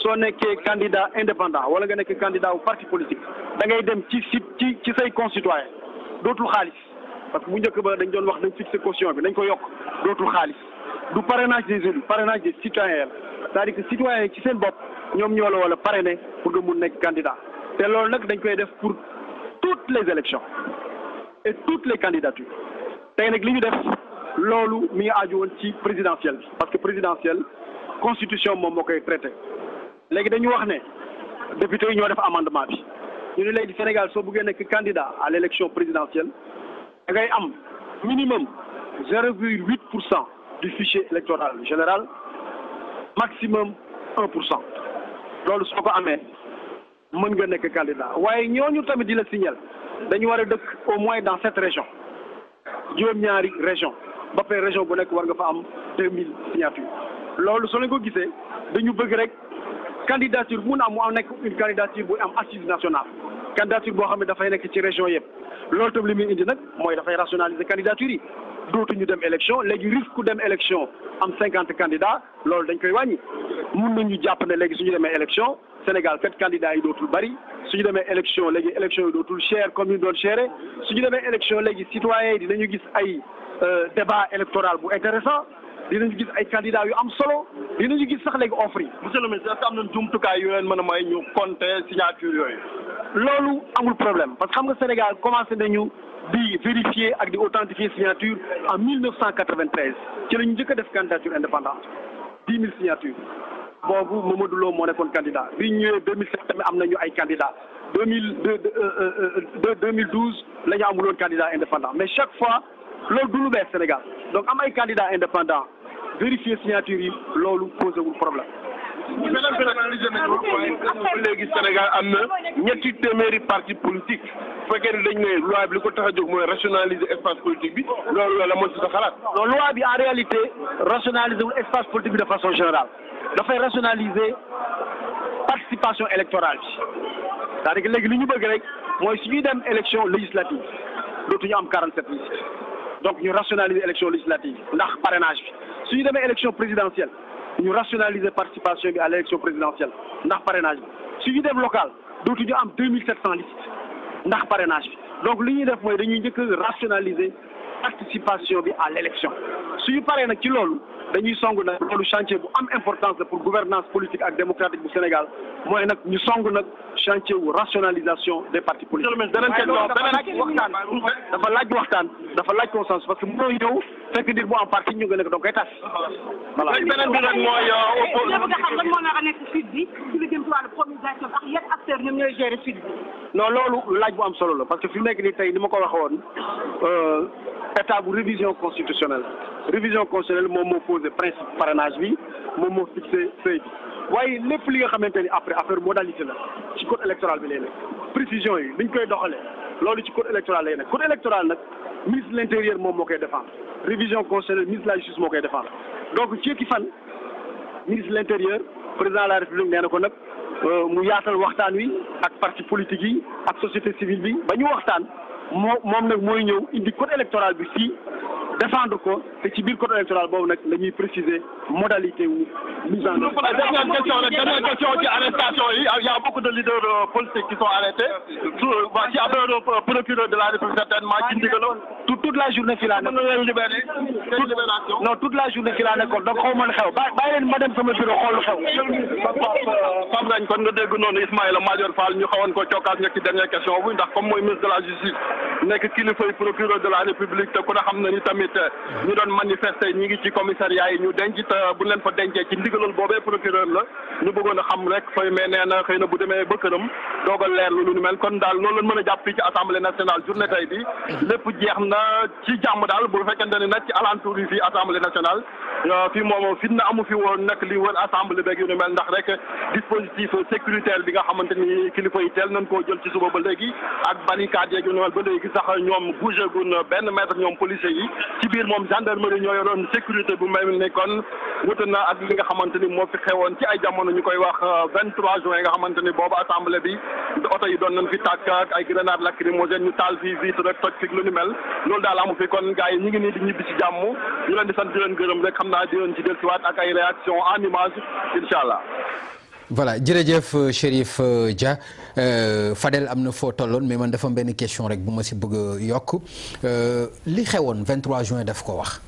soo nekkee candidat indépendant wala nga nekk candidat wu parti politique da ngay dem ci ci ci ci say concitoyen dootul xaalis parce que bu njëkk ba dañ doon wax dañ fixé caution bi dañ ko yokk dootul xaalis du parrainage des élus parrainage des citoyens c'est-à-dire que citoyens ci seen bopp ñoom ñoo la wala parrainé pour nga mun nekk candidat te loolu nag dañ koy def pour toutes les élections et toutes les candidatures tey nag li ñu def loolu mi ngi aju ci présidentielle bi parce que présidentielle constitution moom moo koy traité léegi dañu wax ne député yi ñoo def amendement bi ñu ni di Sénégal soo buggee nekk kandida à l' élection présidentielle da ngay am minimum zéro virgule huit pour cent du fichier électoral général maximum un pour cent loolu soo ko amee mën nga nekk candidat waaye ñu tamit di la signal dañu war a dëkk au moins dans cette région juróom-ñaari région ba pare région bu nekk war nga fa am deux mille signatures loolu soo leen ko gisee dañu bëgg rek candidature bu mun am mu am nekk une candidature bu am assise nationale candidature boo xam ne dafay nekk ci région yëpp lool tam li mu indi mooy dafay rationaliser candidature yi dootuñu dem élection léegi risque ku dem élection am cinquante candidats loolu dañ koy wàññi mun nañu jàpp ne léegi suñu demee élection Sénégal kat candidat yi dootul bari su ñu demee élection léegi élection yi dootul cher comme ni doon chéré su ñu demee élection léegi citoyens yi dinañu gis ay euh, débat électoral bu intéressant dinañu gis ay candidats yu am solo dinañu gis sax léegi offre yi. monsieur le ministre am na jumtukaay yu leen mën a may ñu compter signature yooyu. loolu amul problème parce que xam nga Sénégal commencé nañu di vérifier ak di authentifier signature en 1993 ci la ñu njëkk a def candidature indépendante 10 000 signatures. boobu Mamadou Lo moo nekkoon candidat bi ñu ñëwee 2007 tamit am nañu ay candidat 2002 2012 la ñu amuloon candidat indépendant mais chaque fois loolu du lu bees Sénégal donc am ay candidat indépendant vérifier signature yi loolu posé wul problème beneen bi nag analysé nañ ko léegi Sénégal am na ñetti téeméeri parti politique bu fekkee dañ loi bi li ko tax a mooy rationaliser espace politique bi loolu la mooy si sa xalaat. non loi bi en réalité rationaliser wul espace bi de façon générale dafay rationaliser participation électorale bi c'est-à-dire que léegi li ñu bëgg rek mooy su ñuy dem élection législative dootuñu am 47 listes donc ñu rationaliser élection ndax parrainage bi su ñu demee élection présidentielle. ñu rationaliser participation bi à l' élection présidentielle ndax parrainage bi su ñu dem local dootu ñu am deux mille sept cent listes ndax parrainage bi donc li ñuy def mooy dañuy njëkk a rationaliser participation bi à l' élection su ñu paree nag ci loolu dañuy na nag loolu chantier bu am importance pour gouvernance politique ak démocratique bu Sénégal mooy nag ñu song nag chantier wu rationalisation des partis politiques. dafa laaj waxtaan dafa laaj waxtaan dafa laaj consensus parce que mënoo fekk nit bu am parti ñu nga nekk dong koy tas. Euh, a ñooy gérer suite bi. loolu laaj bu am solo la parce que fi mu nekk nii tey ni ma ko waxee woon euh, état bu révision constitutionnelle révision constitutionnelle moom moo posé principe parrainage bi moom moo fixé seuil waaye lépp li nga xamante ni après affaire modalité la ci code électoral bi lay nekk yi yi ñu koy doxalee. loolu ci code électoral lay nekk code électoral nag ministre de moom moo koy défendre révision constitutionnelle ministre de la justice moo koy défendre donc ci ki fan ministre de l' intérieur président de la république nee ko nag euh, mu yaatal waxtaan wi ak parti politique yi ak société civile bi ba ñu waxtaan moo moom nag mooy ñëw indi code électoral bi fii défendre ko te ci biir code électoral boobu nag la ñuy préciser modalité wu mise en œuvre. dernière question rek dernière question ci arrestation yi y' a beaucoup de leaders euh, politiques qui sont arrêtés ci euh, affaire euh, procureur de la République certainement ci ndigalam toute la journée fii laa nekk. tout non toute la journée ci laa nekkoon donc xaw ma xew bàyyi ma dem sama bureau xool xew. Pape Ngagne kon nga dégg noonu Ismaïla Madior Fall ñu xawoon ko cokkaas ñekk ci dernière question bu ndax comme mooy ministre de la justice nekk kilifay procureur de la république te ku ne xam na ni tamit ñu doon manifester ñi ngi ci commissariat yi ñu denc te bu leen fa dencee ci ndigalal boobee procureur la ñu bëggoon a xam rek fay mais nee xëy na bu demee a a tuuri fii assemblée nationale euh, fii moom fitna amu fi woon nag li wër assemblée beeg yu ne mel ndax rek dispositif sécuritaire bi nga xamante ni kilifa yi teel nañ koo jël ci suba ba léegi ak barricade yeeg yu ne mel ba léegi sax ñoom bougé gun benn mètre ñoom policiers yi ci biir moom gendarmerie ñoo yoroon sécurité bu mel ni kon wute ak li nga xamante moo fi xewoon ci ay jamono ñu koy wax euh, vingt trois juin nga xamante ni assemblée bi oto yi noonu ñu leen di sant di leen rek xam naa di leen ci ak ay réaction en image allah. voilà jërëjëf euh, Chérif euh, Dia euh, Fadel am na foo tolloon mais man dafa am benn question rek bu ma si bëgg a yokk li xewoon juin daf ko wax.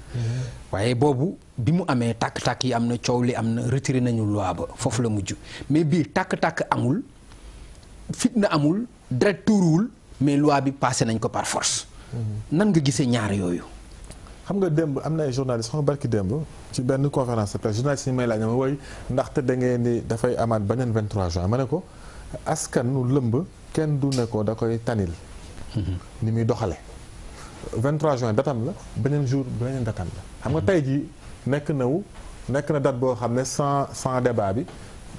waaye boobu bi mu amee tàkk-tàkk yi am na coow li am na retiré nañu loi foofu la mujj mais bii tàkk-tàkk amul fitna amul deret tuuruwul mais loi bi passé nañ ko par force. Mhm. nan nga gisee ñaar yooyu. xam nga démb am na ay journalistes xam nga barki démb ci benn conférence de presse journaliste yi may laaj ne ma ndaxte da ngeen ni dafay amaat beneen 23 juin ma ne ko askan nu lëmb kenn du ne ko da koy tanil ni muy doxale 23 juin datam la beneen jour beneen datam la xam nga tey jii nekk naw nekk na date boo xam ne sans sans débat bi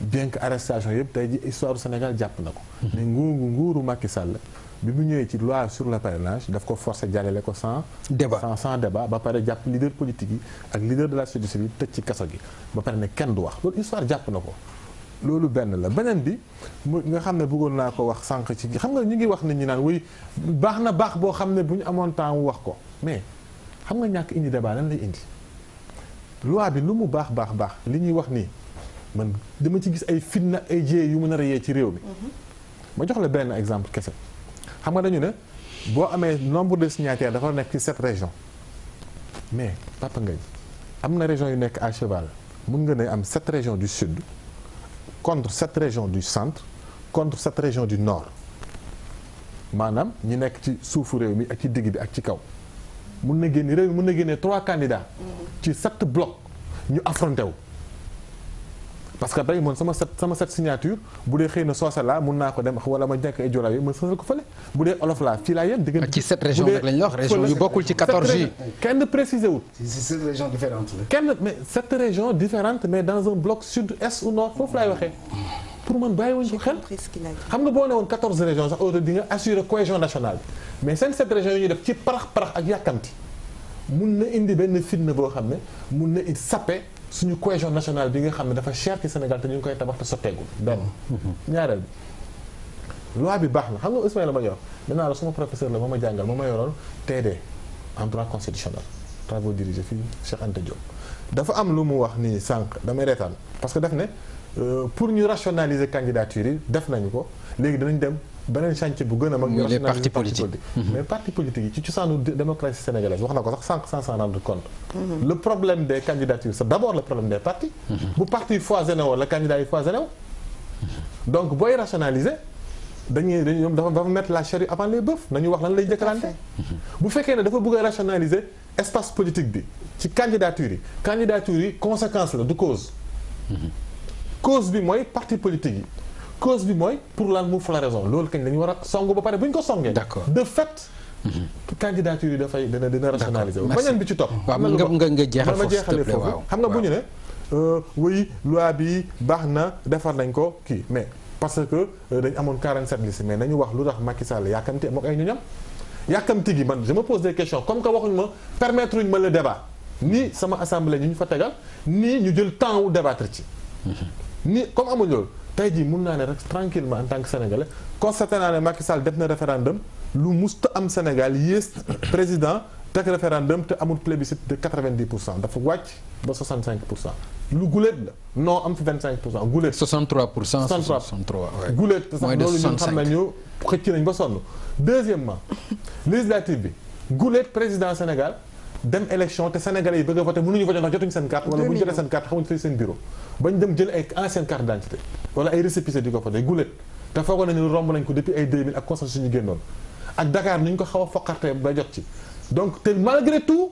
bien que arrestation yëpp tey ji histoire Sénégal jàpp na ko mm-hmm. ne nguuru nguuru Macky Sall bi mu ñëwee ci loi sur le parrainage daf ko forcé jàllale ko sans. débat sans sans débat ba pare jàpp leader politique yi ak leader de la société civile tëj kaso gi ba pare ne kenn du wax loolu histoire jàpp na ko. loolu benn la beneen bi mu nga xam ne bëggoon naa ko wax sànq ci xam nga ñu ngi wax nit ñu naan wuy baax na baax boo xam ne bu ñu amoon temps wax ko mais xam nga ñàkk indi débat lan lay indi. loi bi lu mu baax baax baax li ñuy wax nii man dama ci gis ay fitna ay jéey yu mu a yee ci réew mi. Mm-hmm. ma jox la benn exemple kese. xam nga dañu ne boo amee nombre de signataires dafa nekk ci sept régions mais Papa Ngagne am na région yu nekk à cheval mun nga ne am sept région du sud contre sept région du centre contre sept région du nord maanaam ñi nekk ci suufu réew mi ak ci digg bi ak ci kaw mun na génne réew mi mun na génne trois candidats mm-hmm. ci sept blocs ñu affronté wu. parce que tey man sama set sama set signature bu dee xëy na soose laa mun naa ko dem wala ma nekk ay jola yi ma sësal ko fële bu dee olof laa fii laa yem diggante ah, yu bokkul ci 14 yi kenn précisé wul kenn mais sept régions différentes mais dans un bloc sud est ou nord foofu laay waxee pour man bàyyi wuñ ko xel xam nga boo ne woon 14 régions sax auto di assurer cohésion nationale mais seen sept régions yi ñuy def ci parax parax ak yàkkamti suñu cohésion nationale bi nga xam ne dafa cher ci Sénégal te ñu ngi koy tabax te sotteegul benn ñaareel bi loi bi baax na xam nga Ismaïla ma yor danaa la suma professeur la ma ma jàngal ma ma yoroon TD en droit constitutionnel travaux dirigés fii Cheikh Anta Diop dafa am lu mu wax ni sànq damay reetaan parce que daf ne euh, pour ñu rationaliser candidature yi def nañu ko léegi danañ dem beneen chantier bu gën a mag. muy les partis mhm. mais partis politiques yi ci cosaanu démocratie sénégalaise wax na ko sax sànq sans s'en rendre compte. Mhm. le problème des candidatures c'est d'abord le problème des partis. Mhm. bu parti foisonné woon la candidat yi foisonné wu. donc booy rationaliser dañuy dañuy dafa dafa mettre la charrue avant les bœufs nañu wax lan lay jëkkalante. bu fekkee ne dafa bëgg a rationaliser espace politique bi ci candidature yi. candidature yi conséquence la du cause. cause bi mooy parti politique yi. cause bi mooy pour lan mu la raison loolu kañ dañu war a song ba pare bu ñu ko songee. d'accord de fait. Mhm. candidature yi dafay dina dina rationaliser wu. beneen bi ci topp. waaw mën nga nga jeexal foofu s'il te plaît waaw xam nga bu ñu ne. Euh, oui loi bi baax na defar nañ ko kii mais parce que euh, dañ amoon 47 listes mais nañu wax lu tax Macky Sall yàkkamte mook ay ñoñam yàkkamti gi man je me pose des questions comme que waxuñ ma permettre ñu ma le débat ni sama assemblée ñu ñu fa tegal nii ñu jël temps wu débattre ci. Mhm. ni comme amuñ loolu. tey jii mun naa ne rek tranquillement en tant que sénégalais constaté naa ne Macky def na référendum lu musta am Sénégal yées président teg référendum te amul plébiscite de 90 pour cent dafa wàcc ba 65 pour cent lu guléet la noo am fi 25 pour cent guléet. 63 pour cent 63 63 waay guléet te sax loolu ñun xam nañu xëcc nañ ba sonn. deuxièmement législative bi guléet président Sénégal dem élection te sénégalais yi bëgg a voté mënuñu voté ndax jotuñu seen carte. wala bu ñu jotee seen carte xamuñu fi seen bureau. bañ dem jël ay ancienne carte d'identité wala ay récépissé di ko fa day guléet te foogoon nañu romb nañ ko depuis ay 2000 ak constitution ñu génnoon ak dakaar ni ñu ko xaw a foqartee ba jot ci donc te malgré tout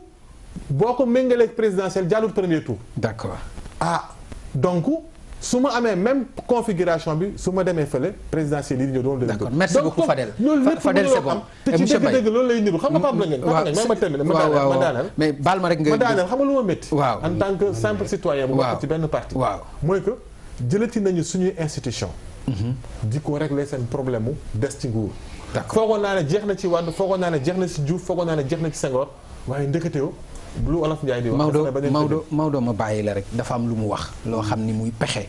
boo ko méngaleeg présidentielle jàllul premier tour. d'accord ah donc. su ma amee même configuration bi su ma demee fële président yi ñoo doon leen. d'accord merci beaucoup Fadel Fadel c'est bon te ci dëgg-dëgg loolu lay niru xam nga Pape la ngeen. waaw mais ma terminer ma daaneel ma daaneel. mais baal ma rek nga ma daaneel xam nga lu ma métti. waaw en tant que simple citoyen. bu bokk ci benn parti. waaw mooy que jëlati nañu suñuy institution. Mhm. di ko régler seen problème mu des ci nguur. d'accord foogoon naa ne jeex na ci Wade foogoon naa ne jeex na ci Diouf foogoon naa ne jeex na ci Senghor waaye ndeketewoo. lu olof Ndiaye di wax Maodo Maodo ma bàyyi la rek dafa am lu mu wax loo xam ni muy pexe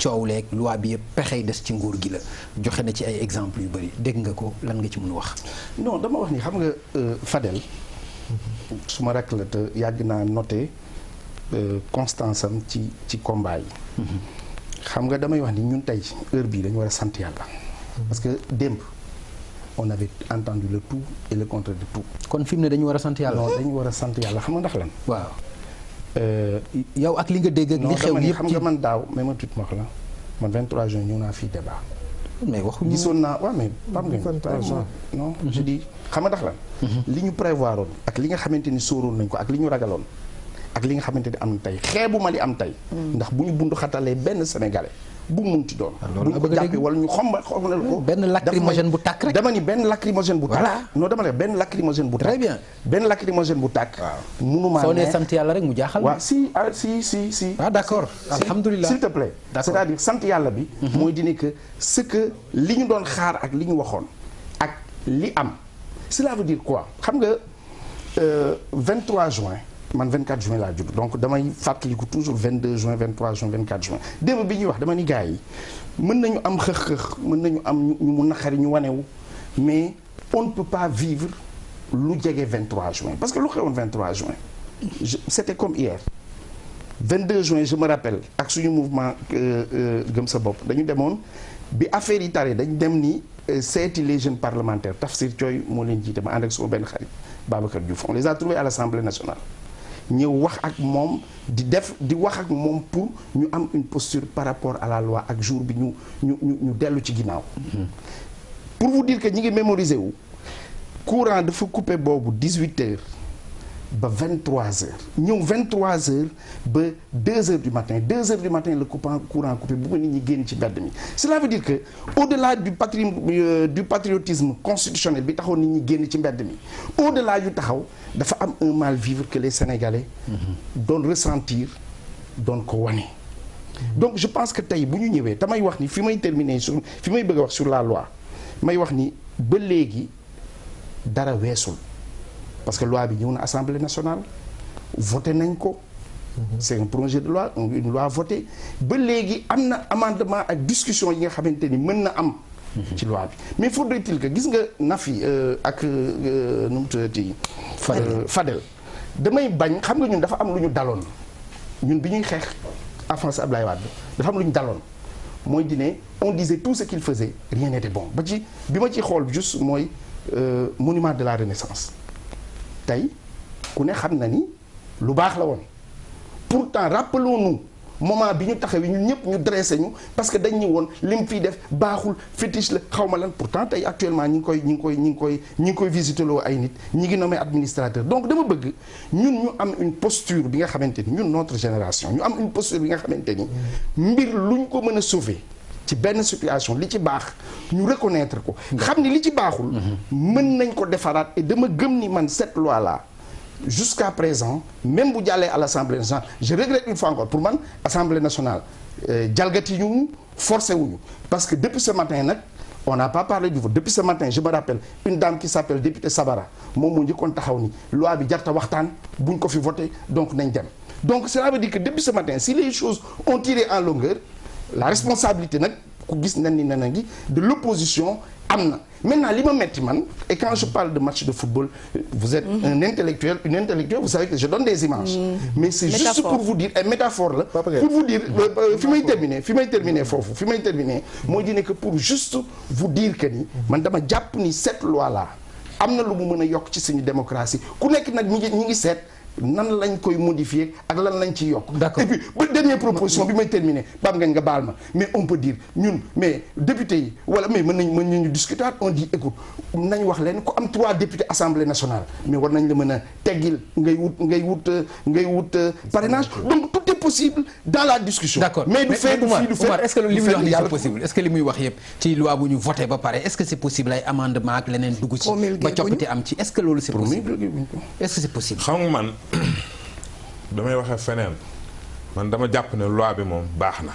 coow leeg loi bi yëpp pexe des ci nguur gi la joxe na ci ay exemples yu bëri dégg nga ko lan nga ci mën wax. non dama wax ni xam nga euh, Fadel su ma rek la te yàgg naa noté euh, constance am ci ci combat mhm. xam nga damay wax ni ñun tey heure bii dañu war a sant yàlla. parce démb. on avait entendu le tout et le contre de tout. kon fi mu ne dañu war a sant yàlla. non dañu war a sant yàlla xam nga ndax lan. waaw. Euh, yow ak li nga dégg ak li xew yëpp xam nga man daaw mais ma tuuti ma wax la man 23 juin ñëw naa fii débat. mais waxuñu mhm. mhm. li ñu prévoir woon ak li nga xamante ni sóoroon nañ ko ak li ñu ragaloon. ak li nga xamante ni am na tey xeebu ma li am tey. Mm. ndax bu ñu bundu xatalee benn sénégalais. bu mu munti doon. Ah, bu ñu ko jàppee wala ñu xomba xombal ko. benn lacrymogène bu tàkk rek dama ni benn lacrymogène bu. voilà non dama ne benn lacrymogène bu. très bien benn lacrymogène bu tàkk. waaw mënuma soo nee sant yàlla rek mu jaaxal. waaw si ah, si si si. ah d' accord alhamdulilah s'il te plaît. d' sant yàlla bi. Mhm. mooy di ne que ce que li ñu doon xaar ak li ñu waxoon ak li am cela veut dire quoi xam nga 23 euh, juin. man 24 juin laa judd donc damay fàttaliku toujours 22 juin 23 juin 24 juin démb bi ñuy wax dama ni gars yi mën nañu am xëx-xëx mën nañu am ñu mu naqari ñu wanewu mais on ne peut pas vivre lu jege 23 juin parce que lu xewoon 23 juin c'était comme hier 22 juin je me rappelle ak suñu mouvement euh, euh, gëm sa bopp dañu demoon bi affaire yi tare dañ dem ni euh, seeti les jeunes parlementaires Tafsir Thioye moo leen jiite ma ànd ak suma benn xarit Babacar Diouf on les a trouvés ñëw wax ak moom di def di wax ak moom pour ñu am une posture par rapport à la loi ak jour bi ñu ñu ñu dellu ci ginnaaw. Mm-hmm. pour vous dire que ñi ngi mémoriser wu courant dafa coupé boobu 18 heures. ba 23h ñëw 23h ba 2h du matin 2h du matin le coupant courant coupé bu ko nit ñi génn ci mbedd mi cela veut dire que au-delà du euh, patriotisme constitutionnel bi taxaw nit ñi génn ci mbedd mi au-delà yu taxaw dafa am un mal-vivre que les Sénégalais doon ressentir doon ko wane donc je pense que tey bu ñu ñëwee damay wax ni fi may terminer sur fi may bëgg a wax sur la loi may wax ni ba léegi dara weesul parce que loi bi ñëw na assemblée nationale voté nañ ko. c' un projet de loi une loi ba léegi am na amendement ak discussion yi nga xamante ni mën na am. ci loi bi mais faudrait-il que gis nga Nafi euh, ak euh, nu mu euh, damay bañ xam nga ñun dafa am ñu daloon ñun bi ñuy xeex avance Ablaye dafa am lu ñu daloon mooy di ne on disait tout ce bon ba ci bi ma ci xool juste mooy monument de la renaissance. tey ku ne xam na ni lu baax la woon pourtant rappelons-nous moment bi ñu taxawee ñun ñëpp ñu dressé ñu parce que dañ ñu woon lim fiy def baaxul fétiche la xaw ma lan pourtant tey actuellement ñi ngi koy ñi ngi koy ñi ngi koy ñi ngi koy visité ay nit ñi ngi nommé administrateur donc dama bëgg ñun ñu am une posture bi nga xamante ni ñun notre génération ñu am une posture bi nga xamante ni mbir luñ ko mën a sauver ci benn situation li ci baax ñu reconnaitre ko xam ni li ci baaxul mën nañ ko defaraat et dama gëm ni man cette loi là jusqu'à présent même bu jàllee à l'Assemblée nationale je regrette une fois pour man Assemblée nationale euh, jalgati ñu forcé wuñu parce que depuis ce matin nag on n'a pas parlé du vote depuis ce matin je me rappelle une dame qui s'appelle député Sabara moom moo njëkkoon taxaw ni loi bi jarta waxtaan bu ñu ko fi voté donc nañ dem donc cela veut dire que depuis ce matin si les choses ont tiré en la responsabilité nag ku gis na ni nana ngi de l'opposition am na maintenant li ma metti man et quand je parle de match de football vous êtes mm-hmm. un intellectuel une intellectuelle vous savez que je donne des images mm-hmm. mais c'est juste pour vous dire ay eh, métaphore la pour vous dire euh, euh, fi may terminer fi may terminer foofu fi may terminer mooy dine que pour juste vous dire que ni man dama jàpp ni cette loi la am na lu mu mën a yokk ci suñu démocratie ku nekk nag ñi ngi ngi seet nan lañ koy modifier ak lan lañ ci yokk. d'accord et puis ba dernière proposition bi may terminer baam ngañ nga baal ma mais on peut dire ñun mais député yi wala mais mën nañ mën nañu discuter on dit écoute nañ wax leen ku am trois députés assemblée nationale mais war nañ la mën a teggil ngay wut ngay wut ngay wut euh, parrainage donc tout est possible dans la discussion. d'accord mais du fait du fi du fait Oumar est-ce que li muy wax nii c'est possible est-ce que li muy wax yëpp damay waxee feneen man dama jàpp ne loi bi moom baax na.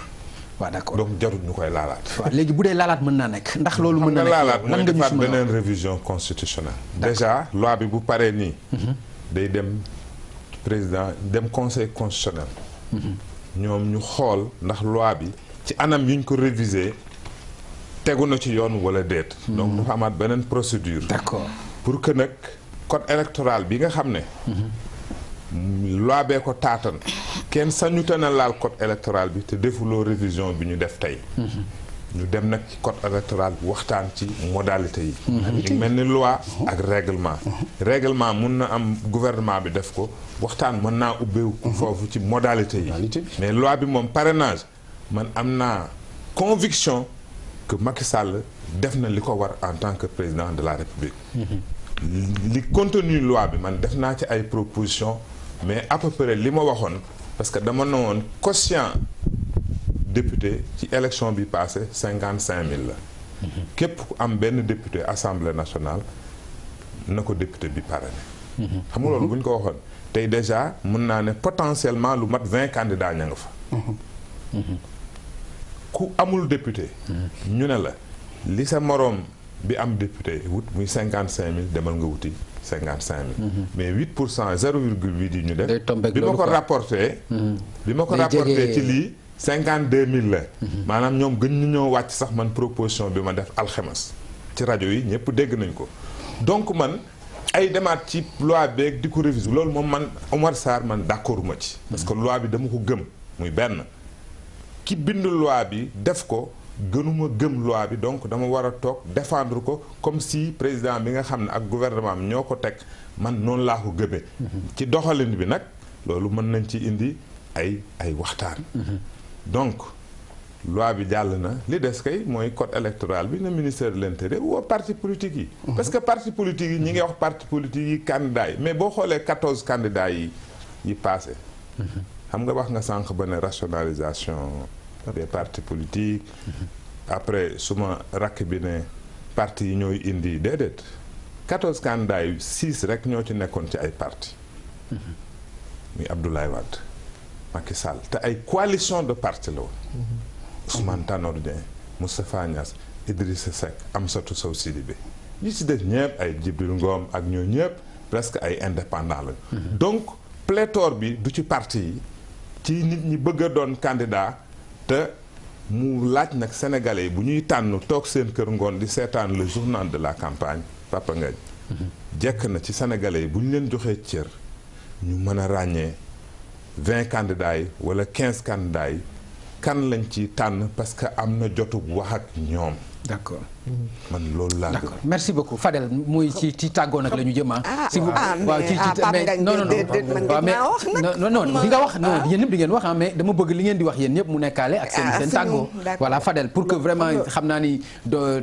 waa d'accord donc jarul ñu koy laalaat. waaw léegi bu dee laalaat mën naa nekk ndax loolu. mën na nekk laalaat lan nga ñu si beneen révision constitutionnelle. déjà loi bi bu paree nii. Mhm. day dem président dem conseil constitutionnel. Mhm. ñoom ñu xool ndax loi bi ci anam yuñ ko réviser tegu na ci yoon wala déet. Mhm. donc dafa amaat beneen procédure. d'accord pour que nag code électoral bi nga xam ne. loi bee ko taatan kenn sañute na laal code électoral bi te defuloo révision bi ñu def tey ñu dem nag ci code électoral waxtaan ci modalité yi ñu mel ni loi uh-huh. ak règlement uh-huh. règlement mun na am gouvernement bi def ko waxtaan mën naa ubbeeku uh-huh. foofu ci modalité yi mais loi bi moom parrainage man am naa conviction que Macky Sall def na li ko war en tant que président de la République mm-hmm. li contenu loi bi man def naa ci ay proposition mais à peu près li ma waxoon parce que dama ne woon quotient député ci élection bi passé cinquante cinq mille la. képp ku am benn député assemblée nationale na ko député bi parrainé. xam nga loolu bu ñu ko waxoon tey déjà mun naa ne potentiellement lu mat vingt candidats ña nga fa. ku amul député. ñu ne la li sa moroom bi am député wut muy cinquante cinq mille demal nga wuti. cinquante cinq mille. mais huit pour cent zéro virgule huit yi ñu def. day tombé mm-hmm. bi ma ko rapporté. bi ma ko rapporté ci lii. cinquante deux mille la. Mm-hmm. maanaam ñoom gën ñu ñoo wàcc sax man proposition bi ma def alxemes. ci rajo yi ñëpp dégg nañ ko donc man ay demaat ci loi beeg di ko réviser loolu moom man Omar Sarr man d'accord ma ci. parce que mm-hmm. loi bi dama ko gëm muy benn. ki bindu loi bi def ko. gënuma gëm loi bi donc dama war a toog défendre ko comme si président bi nga xam ne ak gouvernement bi ñoo ko teg man noonu laa ko gëmee. Mhm. ci doxalin bi nag loolu mën nañ ci indi ay ay waxtaan. Mhm. donc loi bi jàll na li des kay mooy code électoral bi na ministère de l'intérieur woo parti politique yi. Mhm. parce que parti politique yi ñi ngi wax parti politique yi candidats yi mais boo xoolee quatorze candidats yi yi passé. xam nga wax nga sànq ba ne rationalisation. parti partis mhm. après su ma rakk bi ne parti yi ñooy indi déedéet quatorze candidats yu six rek ñoo ci nekkoon ci ay parti mhm. muy Abdoulaye Wade Macky Sall te ay coalition de parti la woon mhm. Ousmane Tanor Dieng Moustapha Niass Idrissa Seck Amsatou Sow Sidibé ñi ci def ñëpp ay Djibril ngoom ak ñoo ñëpp presque ay indépendant la donc pléthore bi du ci parti yi ci nit ñi bëgg a doon candidat te mu laaj nag sénégalais yi bu ñuy tànn toog seen kër ngoon di seetaan le journal de la campagne Papa jekk na ci sénégalais yi bu ñu leen joxee cër ñu mën a ràññee vingt candidats wala quinze candidats kan lañ ci tànn parce que am na jotub wax ak ñoom d'accord man loolu laa d'accord merci beaucoup Fadel muy ci ci tàggoon ak la ñu jëm ah. ah si vous ah, waaw ci ci mais nga wax non ah. yéen ñëpp ngeen wax ah mais dama bëgg li ngeen di wax yéen ñëpp mu nekkaale ak seen pour que vraiment xam naa ni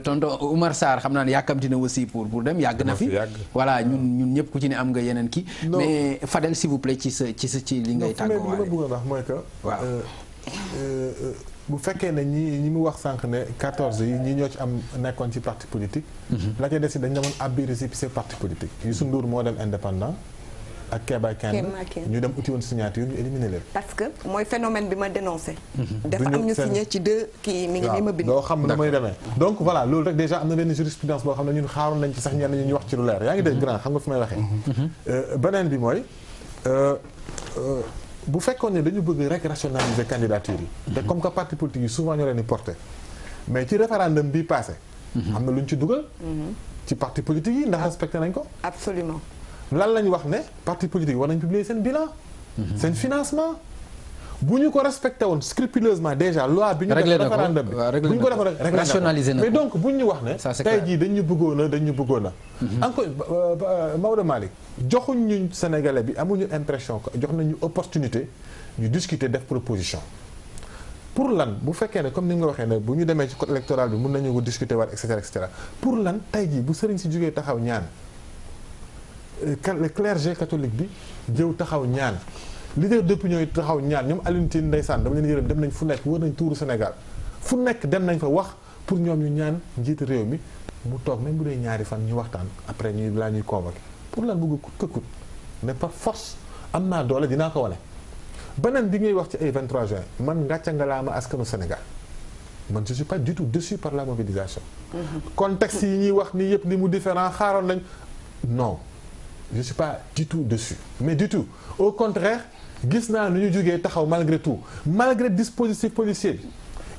tonton Oumar Sarr xam naa ni yàkkamti na aussi pour pour dem yàgg na fi. voilà ñun ñun ñëpp ku ci ne am nga yeneen kii. mais Fadel s'il vous plaît ci sa ci sa ci li ngay tàggoo waale. waaw euh, Euh, euh, bu fekkee ne ñi ñi mu wax sànq ne 14 yi ñi ñoo ci am nekkoon ci parti politique. Mhm. la ca des yi dañ demoon abbi récépissé parti politique. Youssou Ndour moo dem indépendant. ak Kéba Kane ñu dem uti woon signature ñu éliminer leen. parce que mooy phénomène bi ma dénoncé. Mhm. dafa am ñu signé ci deux kii mi ngi nii ma bind. xam ne mooy demee donc voilà loolu rek déjà am na benn jurisprudence boo xam ne ñun xaaroon nañ ci sax ñenn ñi ñu wax ci lu leer yaa ngi dégg mhm. grand euh, beneen bi mooy. bu fekkoon ne dañu bëgg rek rationaliser candidature yi. te comme que parti politique yi souvent ñoo leen di porté mais ci référendum bii passé. am na lu ñu ci dugal. ci parti politique yi ndax respecté nañ ko. absolument lan lañ wax ne parti politique war nañ publier seen bilan. seen financement. bu ñu ko respecté woon scrupuleusement déjà loi bi ñu def référendum bi euh, bu ñu ko defoon rationalisé na mais donc bu ñu wax ne tey jii dañu bëggoon a dañu bëggoon a mhm. encore euh, euh, Maodo Malick joxuñ ñu Sénégalais bi amuñu impression que jox nañu opportunité ñu discuter def proposition pour lan bu fekkee ne comme ni nga waxee ne bu ñu demee ci code électoral bi mun nañu ko discuter waat et cetera et cetera pour lan tey jii bu sëriñ si jógee taxaw ñaan clergé catholique bi jëw taxaw ñaan leader d'opinion yi taxaw ñaan ñoom Alioune Tine ndeysaan dama leen yërëm dem nañ fu nekk wër nañ tuuru Sénégal fu nekk dem nañ fa wax pour ñoom ñu ñaan njiitu réew mi mu toog même bu dee ñaari fan ñu waxtaan après ñuy laa ñuy convoqué pour lan bëgg kut këkkut mais par force am naa doole dinaa ko wane beneen bi ngay wax ci ay 23 juin man ngàcca nga laa ma askanu Sénégal man je suis pas du tout déçu par la mobilisation mhm. contexte yi ñuy wax ni yëpp ni mu différent xaaroon nañ non je suis pas du mais du au contraire gis naa nu ñu jógee taxaw malgré tout malgré dispositif policier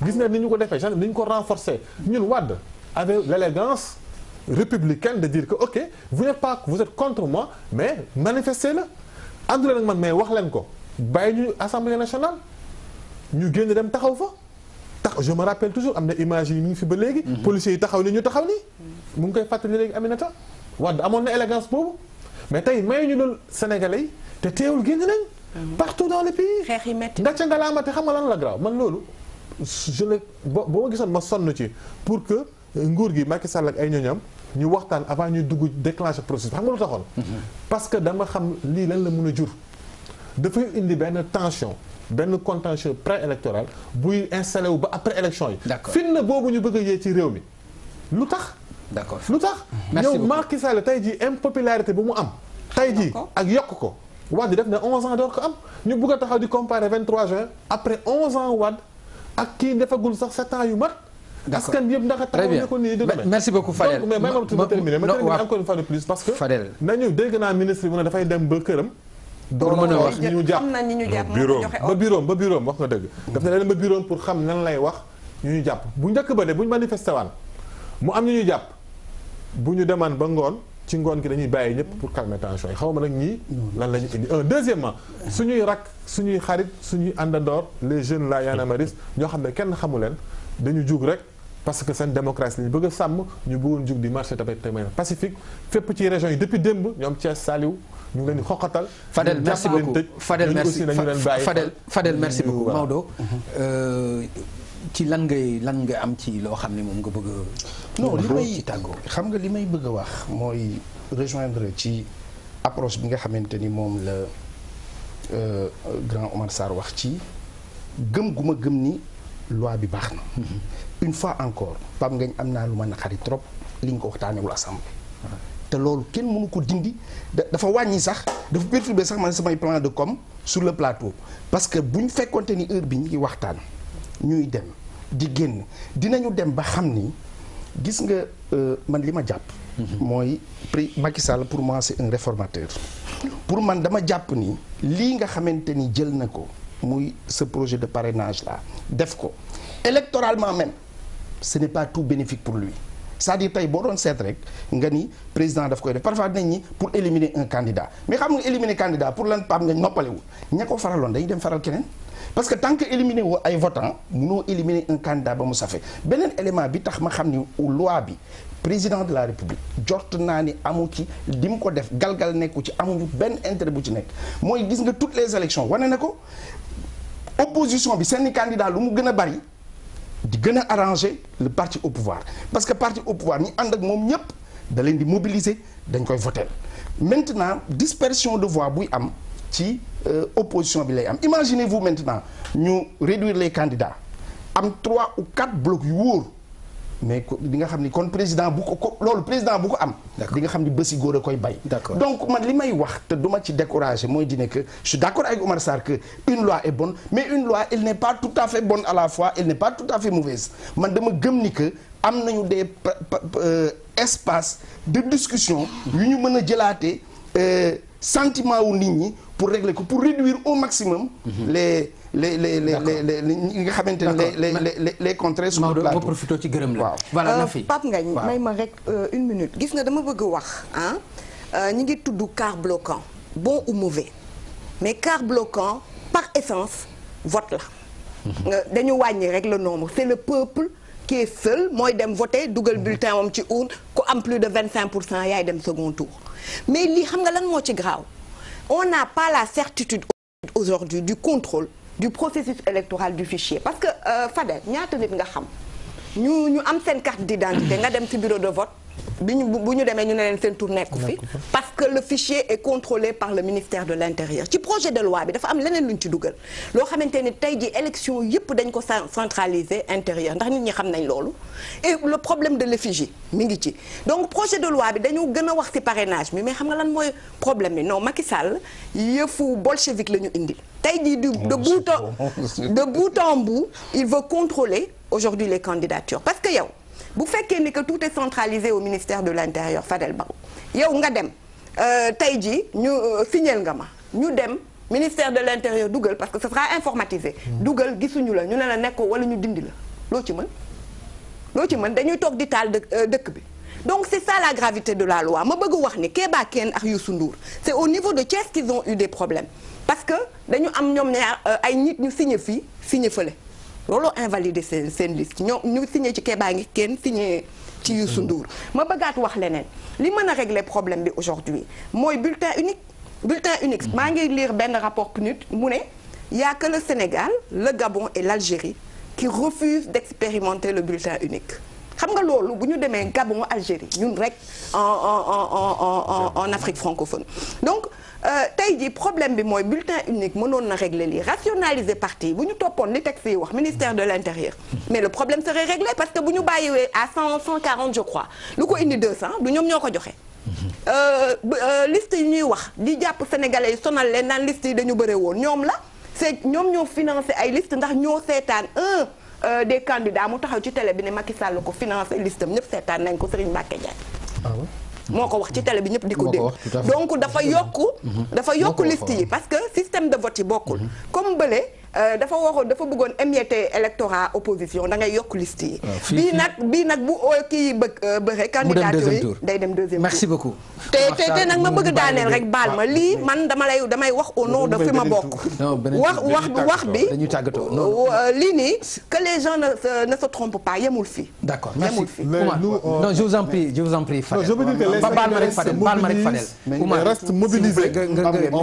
bi gis naa ni ñu ko defee gendarme ni ñu ko renforcer ñun wàdd avec l'élégance républicaine de dire que ok vous n'êtes pas vous êtes contre moi mais manifestez la àndu leen ak man mais wax leen ko bàyyi ñu assemblée nationale ñu génn dem taxaw fa tax je me rappelle toujours am na image yi ñu ngi fi ba léegi mhm. policiers yi taxaw ni ñu taxaw nii mu ngi koy fàttali léegi Aminata Wade amoon na élégance boobu mais tey may ñu loolu sénégalais yi te teewul génn nañ partout dans le pays. xeex yi métti gàcce nga laamate xam nga lan la garaaw man loolu. je ne ba ba ma gisoon ma sonn ci pour que nguur gi Macky Sall ak ay ñooñam ñu waxtaan avant ñuy dugg déclencher processus xam nga lu taxoon. parce que dama xam lii lan la mën a jur. dafay indi benn tension benn contentieux pré-électoral buy installé wu ba après élection yi. d'accord fitna boobu ñu bëgg a yee ci réew mi lu tax. d'accord lu tax. merci beaucoup yow Macky tey jii impopularité bu mu am. tay jii ak yokk ko. Wade def na 11 ans door ko am ñu bugg a taxaw di comparer 23 juin après 11 ans Wade ak kii defagul sax 7 ans yu mat. d'accord askan bi yëpp ndax taxaw na ko nii di demee merci beaucoup Fadel donc mais may ma tuuti ma terminer dafay dem ba këram. door mën a wax ñu ñu jàpp ba bureau ba bureau wax nga dëgg. daf ne leen ba bureau pour xam nan lay wax ñu ñu jàpp bu njëkk ba de bu ñu manifesté waan mu am ñu ñu jàpp bu ñu demaan ba ngoon ci ngoon gi dañuy bàyyi ñëpp pour calmer tension yi xaw ma nag ñii lan la ñu indi un deuxièmement suñuy rak suñuy xarit suñuy àndandoor les jeunes la yanamaris ñoo xam ne kenn xamu leen dañu jug rek parce que seen démocratie lañu bëgg sàmm ñu bëggoon jug di marché tamit tamit pacifique fépp ci région yi depuis démb ñoom Thiès Saliou ñu ngi leen di xoqatal. Fadel merci beaucoup Fadel merci Fadel mm-hmm. merci beaucoup Maodo. Mm-hmm. Euh, ci lan ngay lan nga am ci loo xam ne moom nga bëgg a. non li may tàggoo xam nga li may bëgg a wax mooy rejoindre ci approche bi nga xamante ni moom la euh, grand Omar Sarr wax ci gëm gu ma gëm ni loi bi baax na. Mm-hmm. une fois encore Pape Ngagne am naa lu mën ma naqari trop li nga ko waxtaanewul assemblée. Ah. te loolu kenn mënu ko dindi dafa wàññi sax dafa perturbé sax man samay plan de comme su le plateau parce que bu ñu fekkonte ni heure bi ñu ngi waxtaan ñuy dem di génn dinañu dem ba xam ni gis nga euh, man li ma jàpp. Mhm. mooy pri Macky Sall pour moi c'est un réformateur. pour man dama jàpp ni lii nga xamante ni jël na ko muy sa projet de parrainage la def ko électoralement même ce n'est pas tout bénéfique pour lui c'est-à-dire boo doon seet rek nga ni président daf koy def parfois nañ ñi pour éliminer un candidat mais xam nga éliminer candidat pour lan paam nga noppalewul ña ko faraloon dañuy dem faral keneen. parce que tant que éliminer woo ay votants munoo éliminer un candidat ba mu safee beneen élément bi tax ma xam ni loi bi président de la république jort naa ni amu ci di mu ko def galgal nekku ci amuñu benn intérêt bu ci nekk mooy gis nga toutes les élections wane na ko opposition bi seeni candidat lu mu gën a bari di gën a arranger le parti au pouvoir parce que parti au pouvoir ñi ànd ak moom ñëpp da leen di mobiliser dañ koy voter maintenant dispersion de voix buy am ci Euh, opposition bi lay am imaginez-vous maintenant ñu réduire les candidats am trois ou quatre blocs yu wóor mais di nga xam ni kon président bu ko ko loolu président bu ko am di nga xam ni bési góor a koy bay donc man li may wax te duma ci découragé mooy di ne que je suis d'accord avec Oumar Sarr que une loi est bonne mais une loi elle n'est pas tout à fait bonne à la fois elle ne pas tout à fait mauvaise man dama gëm ni que am nañu des euh, espace de discussion yu ñu mën a jëlaate euh, sentiment wu nit ñi pour régler ko pour réduire au maximum. Mhm. les le les les les les ñi nga xamante ne les les les les contraintes. sur le plateau profité ci gërëm la. waaw voilà euh, na fi Pape Ngagne may ma rek euh, une minute. gis nga dama bëgg wax ah ñi ngi tudd car bloquant bon ou mauvais mais car bloquant par essence vote la. Mhm. dañu wàññi rek le nombre c'est le peuple. qui seul mooy dem voter dugal mhm. bulletin moom ci urne ku am plus de vingt cinq pour cent yaay dem second tour mais lii xam nga lan moo ci graaw on n'a pas la certitude aujourd'hui du contrôle du processus électoral du fichier parce que euh, Fadel ñaata nit nga xam ñu ñu am seen carte d'identité nga dem ci bureau de vote bi ñu bu ñu demee ñu ne leen seen tur nekku fi parce que le fichier est contrôlé par le ministère de l'intérieur ci projet de loi bi dafa am leneen lu ñu ci dugal loo xamante ni tey ji élection yëpp dañ ko centraliser intérieur ndax nit ñi xam nañ loolu et le problème de l'effigie mi ngi ci donc projet de loi bi dañu gën a wax ci parrainage bi mais xam nga lan mooy problème bi non Macky Sall yëfu bolchevique la ñu indi tey jii du de oh, bout en de bout en bout il veut contrôler aujourd'hui les candidatures parce que yow bu fekkee ni que tout est centralisé au ministère de l'intérieur Fadel Barro yow nga dem euh, tey jii ñu euh, signal nga ma ñu dem ministère de l'intérieur dugal parce que ce sera informatisé hmm. dugal gisuñu la ñu ne la nekkoo wala ñu dindi la loo ci mën loo ci mën dañuy toog di taal dëkk euh, bi donc c'est ça la gravité de la loi ma bëgg wax ni Keba kenn ak Youssou Ndour c'est au niveau de Thiès qu'ils ont eu des problèmes parce que dañu am ñoom ñaar ay nit ñu signé fii signé fële looloo invalidé seen seen liste ñoo ñu signé ci Keba ngi kenn signé ci Youssou Ndour ma bëggaat wax leneen li mën a régler problème bi aujourd'hui mooy bulletin unique bulletin unique mm-hmm. maa ngi liir benn rapport PNUD mu ne y la que le Sénégal le Gabon et l'Algérie qui refusent d'expérimenter le bulletin unique xam nga loolu bu ñu demee Gabon Algérie ñun rek en en en en en en Afrique francophone donc Euh, tey jii problème bi mooy bulletin unique mënoon na régler lii rationaliser parti yi bu ñu toppoon li texte yi wax ministère de l' intérieur mais le problème serait réglé parce que bu ñu bàyyiwee à 100 140 je crois lu ko indi 200 du ñoom ñoo ko joxe. Euh, euh, liste yi ñuy wax di jàpp sénégalais yi sonal leen naan liste yi dañu bëre woon ñoom la se ñoom ñoo financé ay liste ndax ñoo seetaan un des candidats mu taxaw ci tele bi ne Macky Sall ko financé listam ñëpp seetaan nañ ko Serigne Mbacké Ndiaye ah moo ko wax ci télé bi ñëpp di ko dégg donc dafa yokku dafa yokku liste yi parce que système de vote yi bokkul mhm. comme bële Euh, dafa waxoon dafa bëggoon émietter électorat opposition da ngay yokk liste yi. Ah, bii nag bii nag bu kii bë euh, bëre. candidature yi day dem deuxième tour. merci beaucoup. te te te nag ma bëgg daaneel rek baal ma ah, lii man dama lay damay wax au nom de fi ma bokk. wax wax wax bi dañuy tàggatoo euh, lii ni que les gens ne se trompent pas yemul fii. d'accord merci non je vous en je vous en prie Fadel. non je veux dire que les Sénégalais se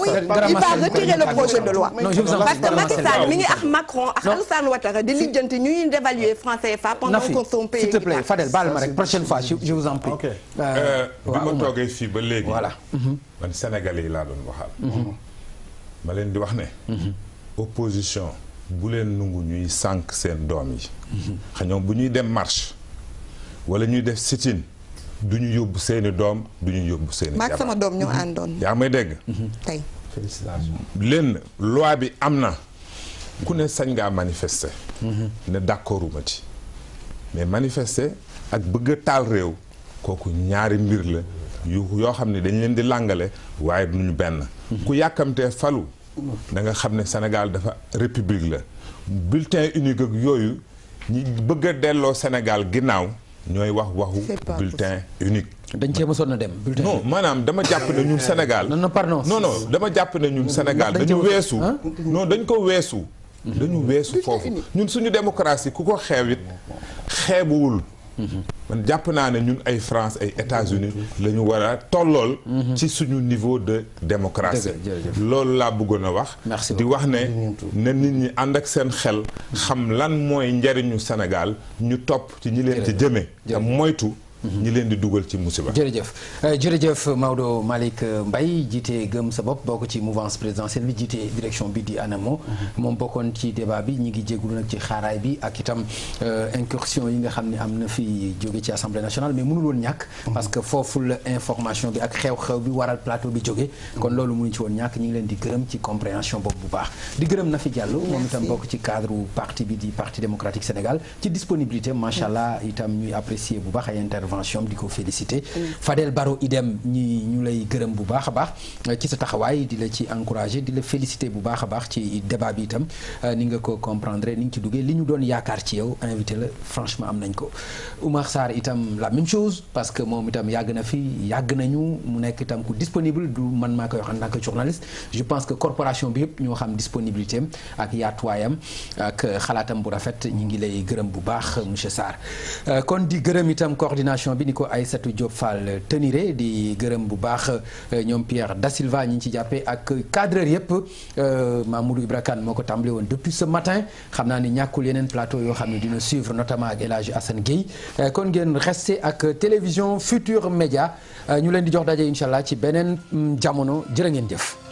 il va retirer le projet de loi. non je vous en prie parce que Macky mi ngi ak Macron ak ah, Alassane Ouattara di lijjanti ñuy dévaluer franc CFA pendant qu'on son pays s'il te plaît Fadel baal ma euh, euh, bi ma toogee fii ba léegi. voilà mhm. man Sénégalais yi laa doon waxal. Mhm. Mhm. ma leen di wax ne. opposition bu leen nungu ñuy sànq seen doom yi. xañoom bu ñuy dem marche wala ñuy def sit-in du yóbbu seeni doom du ñu yóbbu seeni. jabar maak sama yaa may dégg. félicitations lenn loi bi am na ku ne sañ ngaa manifester. Mhm. ne d'accorduma ci mais manifester ak bëgg taal réew kooku ñaari mbir la yu yoo xam ne dañ leen di làngale waaye duñu benn mhm. ku yàkkamtee falu da nga xam ne Sénégal dafa république la bulletin unique yooyu ñi bëgg delloo Sénégal ginnaaw ñooy wax waxu bulletin unique dañ cee mësoon na dem. non maanaam dama jàpp ne ñun Sénégal. non non pardon non non dama jàpp ne ñun Sénégal dañu weesu. non dañ ko weesu. dañu weesu foofu ñun suñu démocratie ku ko xeewit xeebuwul. man jàpp naa ne ñun ay France ay États-Unis la ñu war a tollool. ci suñu niveau de démocratie. loolu laa bëggoon a wax. di wax ne na nit ñi ànd ak seen xel. xam lan mooy njariñu Sénégal ñu topp ci ñi leen ci jëmee. moytu. ñi leen di dugal ci musiba. jërëjëf euh, jërëjëf Maodo Malick euh, Mbaye jiite gëm sa bopp boo bokk ci mouvance présidentielle bi jiite direction bi di ANAMO. Mhm. moom bokkoon ci débat bi ñi ngi jégalu nag ci xaaraay bi ak itam euh, incursion yi nga xam ni am na fi jóge ci assemblée nationale mais mënul woon ñàkk. Mhm. parce que foofu la information bi ak xew-xew bi waral plateau bi jóge. kon loolu mënu ci woon ñàkk ñu ngi leen di gërëm ci compréhension boobu bu baax. di gërëm Nafi Diallo moom itam bokk ci cadre parti bi di parti démocratique Sénégal ci disponibilité macha allah itam ñuy apprécier bu baax ay intervention intervention am di ko félicité Fadel Barro idem ñi ñu lay gërëm bu baax a baax euh, ci sa taxawaay di la ci encouragé di la félicité bu baax a baax ci débat bi itam euh, ni nga ko comprendre ni nga ci duggee li ñu doon yaakaar ci yow invité la franchement am nañ ko Oumar Sarr itam la même chose parce que moom itam yàgg na fi yàgg nañu mu nekk itam ku disponible du man maa ko wax en tant que journaliste je pense que corporation bi yëpp ñoo xam disponibilité am ak yaatuwaayam ak xalaatam bu rafet ñu ngi lay gërëm bu baax monsieur Sarr euh, présentation bi ni ko Aïssatou Diop Fall tenire di gërëm bu baax euh, ñoom Pierre Da Silva ñi ci jàppee ak cadreur yëpp euh, Mamoudou Ibra Kane moo ko tàmbale woon depuis ce matin xam naa ni ñàkkul yeneen plateau yoo xam ne dina suivre notamment ak El Hadj Assane Guèye euh, kon ngeen resté ak télévision Futur Média ñu leen di jox daje incha allah ci beneen mm, jamono jërë ngeen jëf